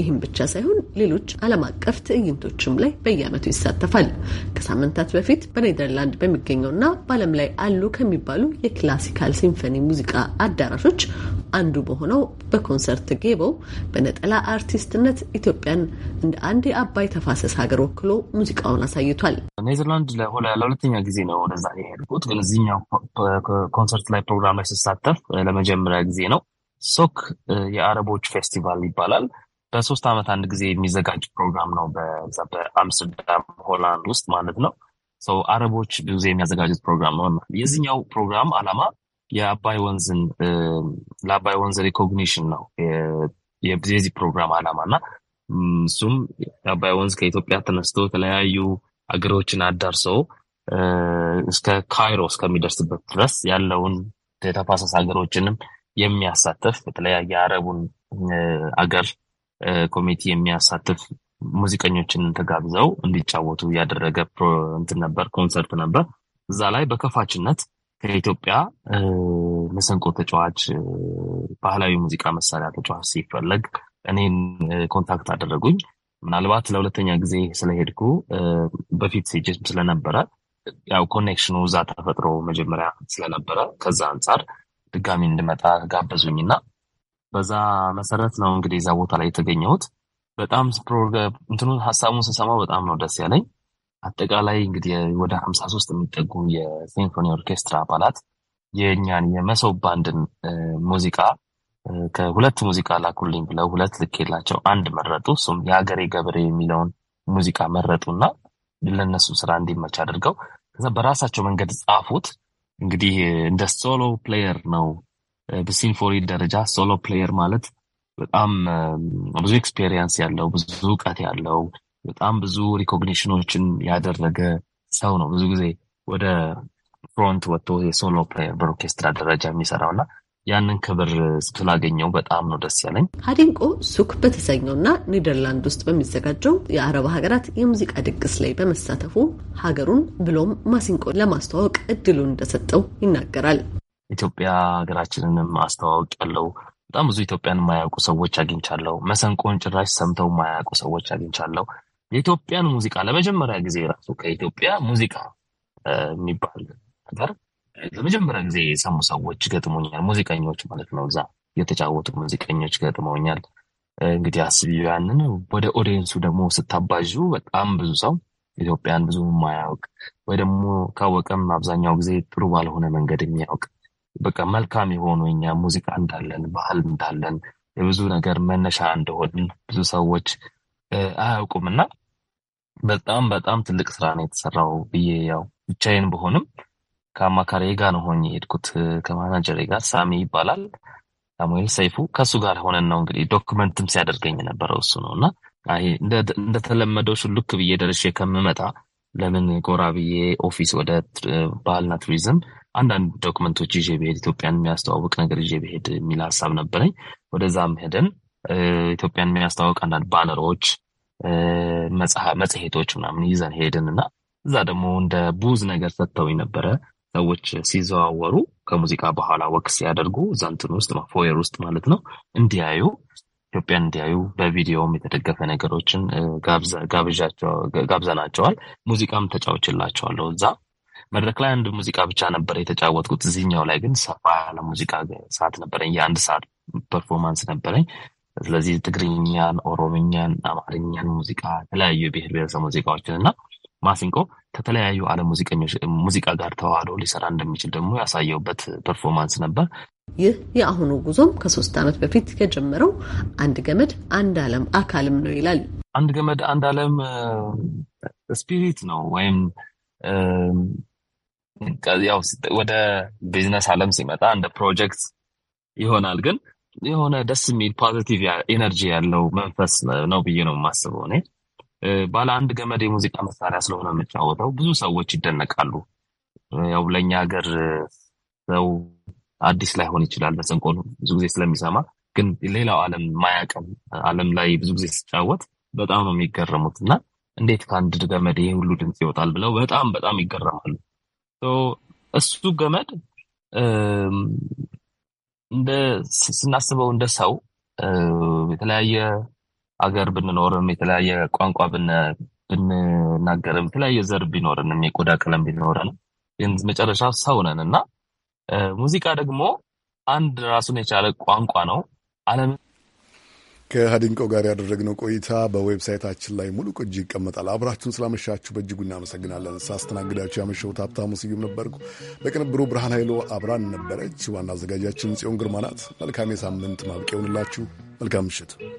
ይህም ብቻ ሳይሆን ሌሎች ዓለም አቀፍ ትዕይንቶችም ላይ በየዓመቱ ይሳተፋል። ከሳምንታት በፊት በኔዘርላንድ በሚገኘውና በዓለም ላይ አሉ ከሚባሉ የክላሲካል ሲምፎኒ ሙዚቃ አዳራሾች አንዱ በሆነው በኮንሰርት ጌበው በነጠላ አርቲስትነት ኢትዮጵያን እንደ አንድ የአባይ ተፋሰስ ሀገር ወክሎ ሙዚቃውን አሳይቷል። ኔዘርላንድ ለሁለተኛ ጊዜ ነው ወደዛ የሄድኩት፣ ግን እዚህኛው ኮንሰርት ላይ ፕሮግራም ላይ ስሳተፍ ለመጀመሪያ ጊዜ ነው። ሶክ የአረቦች ፌስቲቫል ይባላል። በሶስት ዓመት አንድ ጊዜ የሚዘጋጅ ፕሮግራም ነው። በዛ በአምስተርዳም ሆላንድ ውስጥ ማለት ነው። ሰው አረቦች ብዙ ጊዜ የሚያዘጋጁት ፕሮግራም ነው የዚህኛው ፕሮግራም ዓላማ የአባይ ወንዝን ለአባይ ወንዝ ሪኮግኒሽን ነው የዚህ ፕሮግራም ዓላማ እና እሱም የአባይ ወንዝ ከኢትዮጵያ ተነስቶ የተለያዩ አገሮችን አዳርሰው እስከ ካይሮ እስከሚደርስበት ድረስ ያለውን የተፋሰስ ሀገሮችንም የሚያሳተፍ በተለያየ አረቡን አገር ኮሚቴ የሚያሳትፍ ሙዚቀኞችን ተጋብዘው እንዲጫወቱ ያደረገ እንትን ነበር፣ ኮንሰርት ነበር። እዛ ላይ በከፋችነት ከኢትዮጵያ መሰንቆ ተጫዋች፣ ባህላዊ ሙዚቃ መሳሪያ ተጫዋች ሲፈለግ እኔን ኮንታክት አደረጉኝ። ምናልባት ለሁለተኛ ጊዜ ስለሄድኩ በፊት ሴጅም ስለነበረ ያው ኮኔክሽኑ እዛ ተፈጥሮ መጀመሪያ ስለነበረ ከዛ አንጻር ድጋሚ እንድመጣ ጋበዙኝና በዛ መሰረት ነው እንግዲህ እዛ ቦታ ላይ የተገኘሁት። በጣም እንትኑ ሀሳቡን ስሰማው በጣም ነው ደስ ያለኝ። አጠቃላይ እንግዲህ ወደ ሀምሳ ሶስት የሚጠጉ የሲምፎኒ ኦርኬስትራ አባላት የእኛን የመሶብ ባንድን ሙዚቃ ከሁለት ሙዚቃ ላኩልኝ ብለው ሁለት ልኬላቸው አንድ መረጡ። እሱም የሀገሬ ገበሬ የሚለውን ሙዚቃ መረጡና ለነሱ ስራ እንዲመች አድርገው ከዛ በራሳቸው መንገድ ጻፉት። እንግዲህ እንደ ሶሎ ፕሌየር ነው በሲምፎኒ ደረጃ ሶሎ ፕሌየር ማለት በጣም ብዙ ኤክስፔሪየንስ ያለው ብዙ እውቀት ያለው በጣም ብዙ ሪኮግኒሽኖችን ያደረገ ሰው ነው። ብዙ ጊዜ ወደ ፍሮንት ወጥቶ የሶሎ ፕሌየር በኦርኬስትራ ደረጃ የሚሰራው እና ያንን ክብር ስላገኘው በጣም ነው ደስ ያለኝ። ሀዲንቆ ሱክ በተሰኘው ና ኔደርላንድ ውስጥ በሚዘጋጀው የአረብ ሀገራት የሙዚቃ ድግስ ላይ በመሳተፉ ሀገሩን ብሎም ማሲንቆ ለማስተዋወቅ እድሉን እንደሰጠው ይናገራል። ኢትዮጵያ ሀገራችንንም አስተዋወቅ ያለው በጣም ብዙ ኢትዮጵያን የማያውቁ ሰዎች አግኝቻለሁ። መሰንቆን ጭራሽ ሰምተው የማያውቁ ሰዎች አግኝቻለሁ። የኢትዮጵያን ሙዚቃ ለመጀመሪያ ጊዜ ራሱ ከኢትዮጵያ ሙዚቃ የሚባል ነገር ለመጀመሪያ ጊዜ የሰሙ ሰዎች ገጥሞኛል። ሙዚቀኞች ማለት ነው። እዛ የተጫወቱ ሙዚቀኞች ገጥመውኛል። እንግዲህ አስቢ ያንን ወደ ኦዲየንሱ ደግሞ ስታባዥ በጣም ብዙ ሰው ኢትዮጵያን ብዙ የማያውቅ ወይ ደግሞ ካወቀም አብዛኛው ጊዜ ጥሩ ባልሆነ መንገድ የሚያውቅ በቃ መልካም የሆኑ እኛ ሙዚቃ እንዳለን ባህል እንዳለን የብዙ ነገር መነሻ እንደሆን ብዙ ሰዎች አያውቁም እና በጣም በጣም ትልቅ ስራ ነው የተሰራው ብዬ ያው ብቻዬን በሆንም ከአማካሪ ጋር ነው ሆኜ የሄድኩት። ከማናጀር ጋር ሳሚ ይባላል ሳሙኤል ሰይፉ ከእሱ ጋር ሆነን ነው እንግዲህ ዶክመንትም ሲያደርገኝ የነበረው እሱ ነው እና እንደተለመደው ሹልክ ብዬ ደርሼ ከምመጣ ለምን ጎራ ብዬ ኦፊስ ወደ ባህልና ቱሪዝም አንዳንድ ዶክመንቶች ይዤ ብሄድ ኢትዮጵያን የሚያስተዋውቅ ነገር ይዤ ብሄድ የሚል ሀሳብ ነበረኝ። ወደዛም ሄደን ኢትዮጵያን የሚያስተዋውቅ አንዳንድ ባነሮች፣ መጽሔቶች ምናምን ይዘን ሄድን እና እዛ ደግሞ እንደ ቡዝ ነገር ሰጥተውኝ ነበረ። ሰዎች ሲዘዋወሩ ከሙዚቃ በኋላ ወክ ሲያደርጉ እዛ እንትን ውስጥ ፎየር ውስጥ ማለት ነው እንዲያዩ ኢትዮጵያን እንዲያዩ በቪዲዮም የተደገፈ ነገሮችን ጋብዘናቸዋል። ሙዚቃም ተጫውችላቸዋለሁ እዛ መድረክ ላይ አንድ ሙዚቃ ብቻ ነበር የተጫወትኩት። እዚህኛው ላይ ግን ሰፋ ያለ ሙዚቃ ሰዓት ነበረኝ። የአንድ ሰዓት ፐርፎርማንስ ነበረኝ። ስለዚህ ትግርኛን፣ ኦሮምኛን፣ አማርኛን ሙዚቃ የተለያዩ የብሔር ብሔረሰብ ሙዚቃዎችን እና ማሲንቆ ከተለያዩ ዓለም ሙዚቃ ጋር ተዋህዶ ሊሰራ እንደሚችል ደግሞ ያሳየውበት ፐርፎርማንስ ነበር። ይህ የአሁኑ ጉዞም ከሶስት ዓመት በፊት የጀመረው አንድ ገመድ አንድ ዓለም አካልም ነው ይላል። አንድ ገመድ አንድ ዓለም ስፒሪት ነው ወይም ያው ወደ ቢዝነስ አለም ሲመጣ እንደ ፕሮጀክት ይሆናል፣ ግን የሆነ ደስ የሚል ፖዚቲቭ ኤነርጂ ያለው መንፈስ ነው ብዬ ነው የማስበው እኔ። ባለ አንድ ገመድ የሙዚቃ መሳሪያ ስለሆነ የምጫወተው ብዙ ሰዎች ይደነቃሉ። ያው ለእኛ ሀገር ሰው አዲስ ላይሆን ይችላል በስንቆ ብዙ ጊዜ ስለሚሰማ፣ ግን ሌላው አለም ማያቀም አለም ላይ ብዙ ጊዜ ሲጫወት በጣም ነው የሚገረሙት እና እንዴት ከአንድ ገመድ ይሄ ሁሉ ድምፅ ይወጣል ብለው በጣም በጣም ይገረማሉ። እሱ ገመድ እንደ ስናስበው እንደ ሰው የተለያየ ሀገር ብንኖርም የተለያየ ቋንቋ ብንናገርም የተለያየ ዘር ቢኖርንም የቆዳ ቀለም ቢኖረንም ግን መጨረሻ ሰው ነን እና ሙዚቃ ደግሞ አንድ ራሱን የቻለ ቋንቋ ነው። ዓለምን ከሀዲንቆ ጋር ያደረግነው ቆይታ በዌብሳይታችን ላይ ሙሉ ቅጂ ይቀመጣል። አብራችሁን ስላመሻችሁ በእጅጉ እናመሰግናለን። ሳስተናግዳችሁ ያመሸሁት ሀብታሙ ስዩም ነበርኩ። በቅንብሩ ብርሃን ኃይሎ አብራን ነበረች። ዋና አዘጋጃችን ጽዮን ግርማ ናት። መልካም የሳምንት ማብቂያ ይሁንላችሁ። መልካም ምሽት።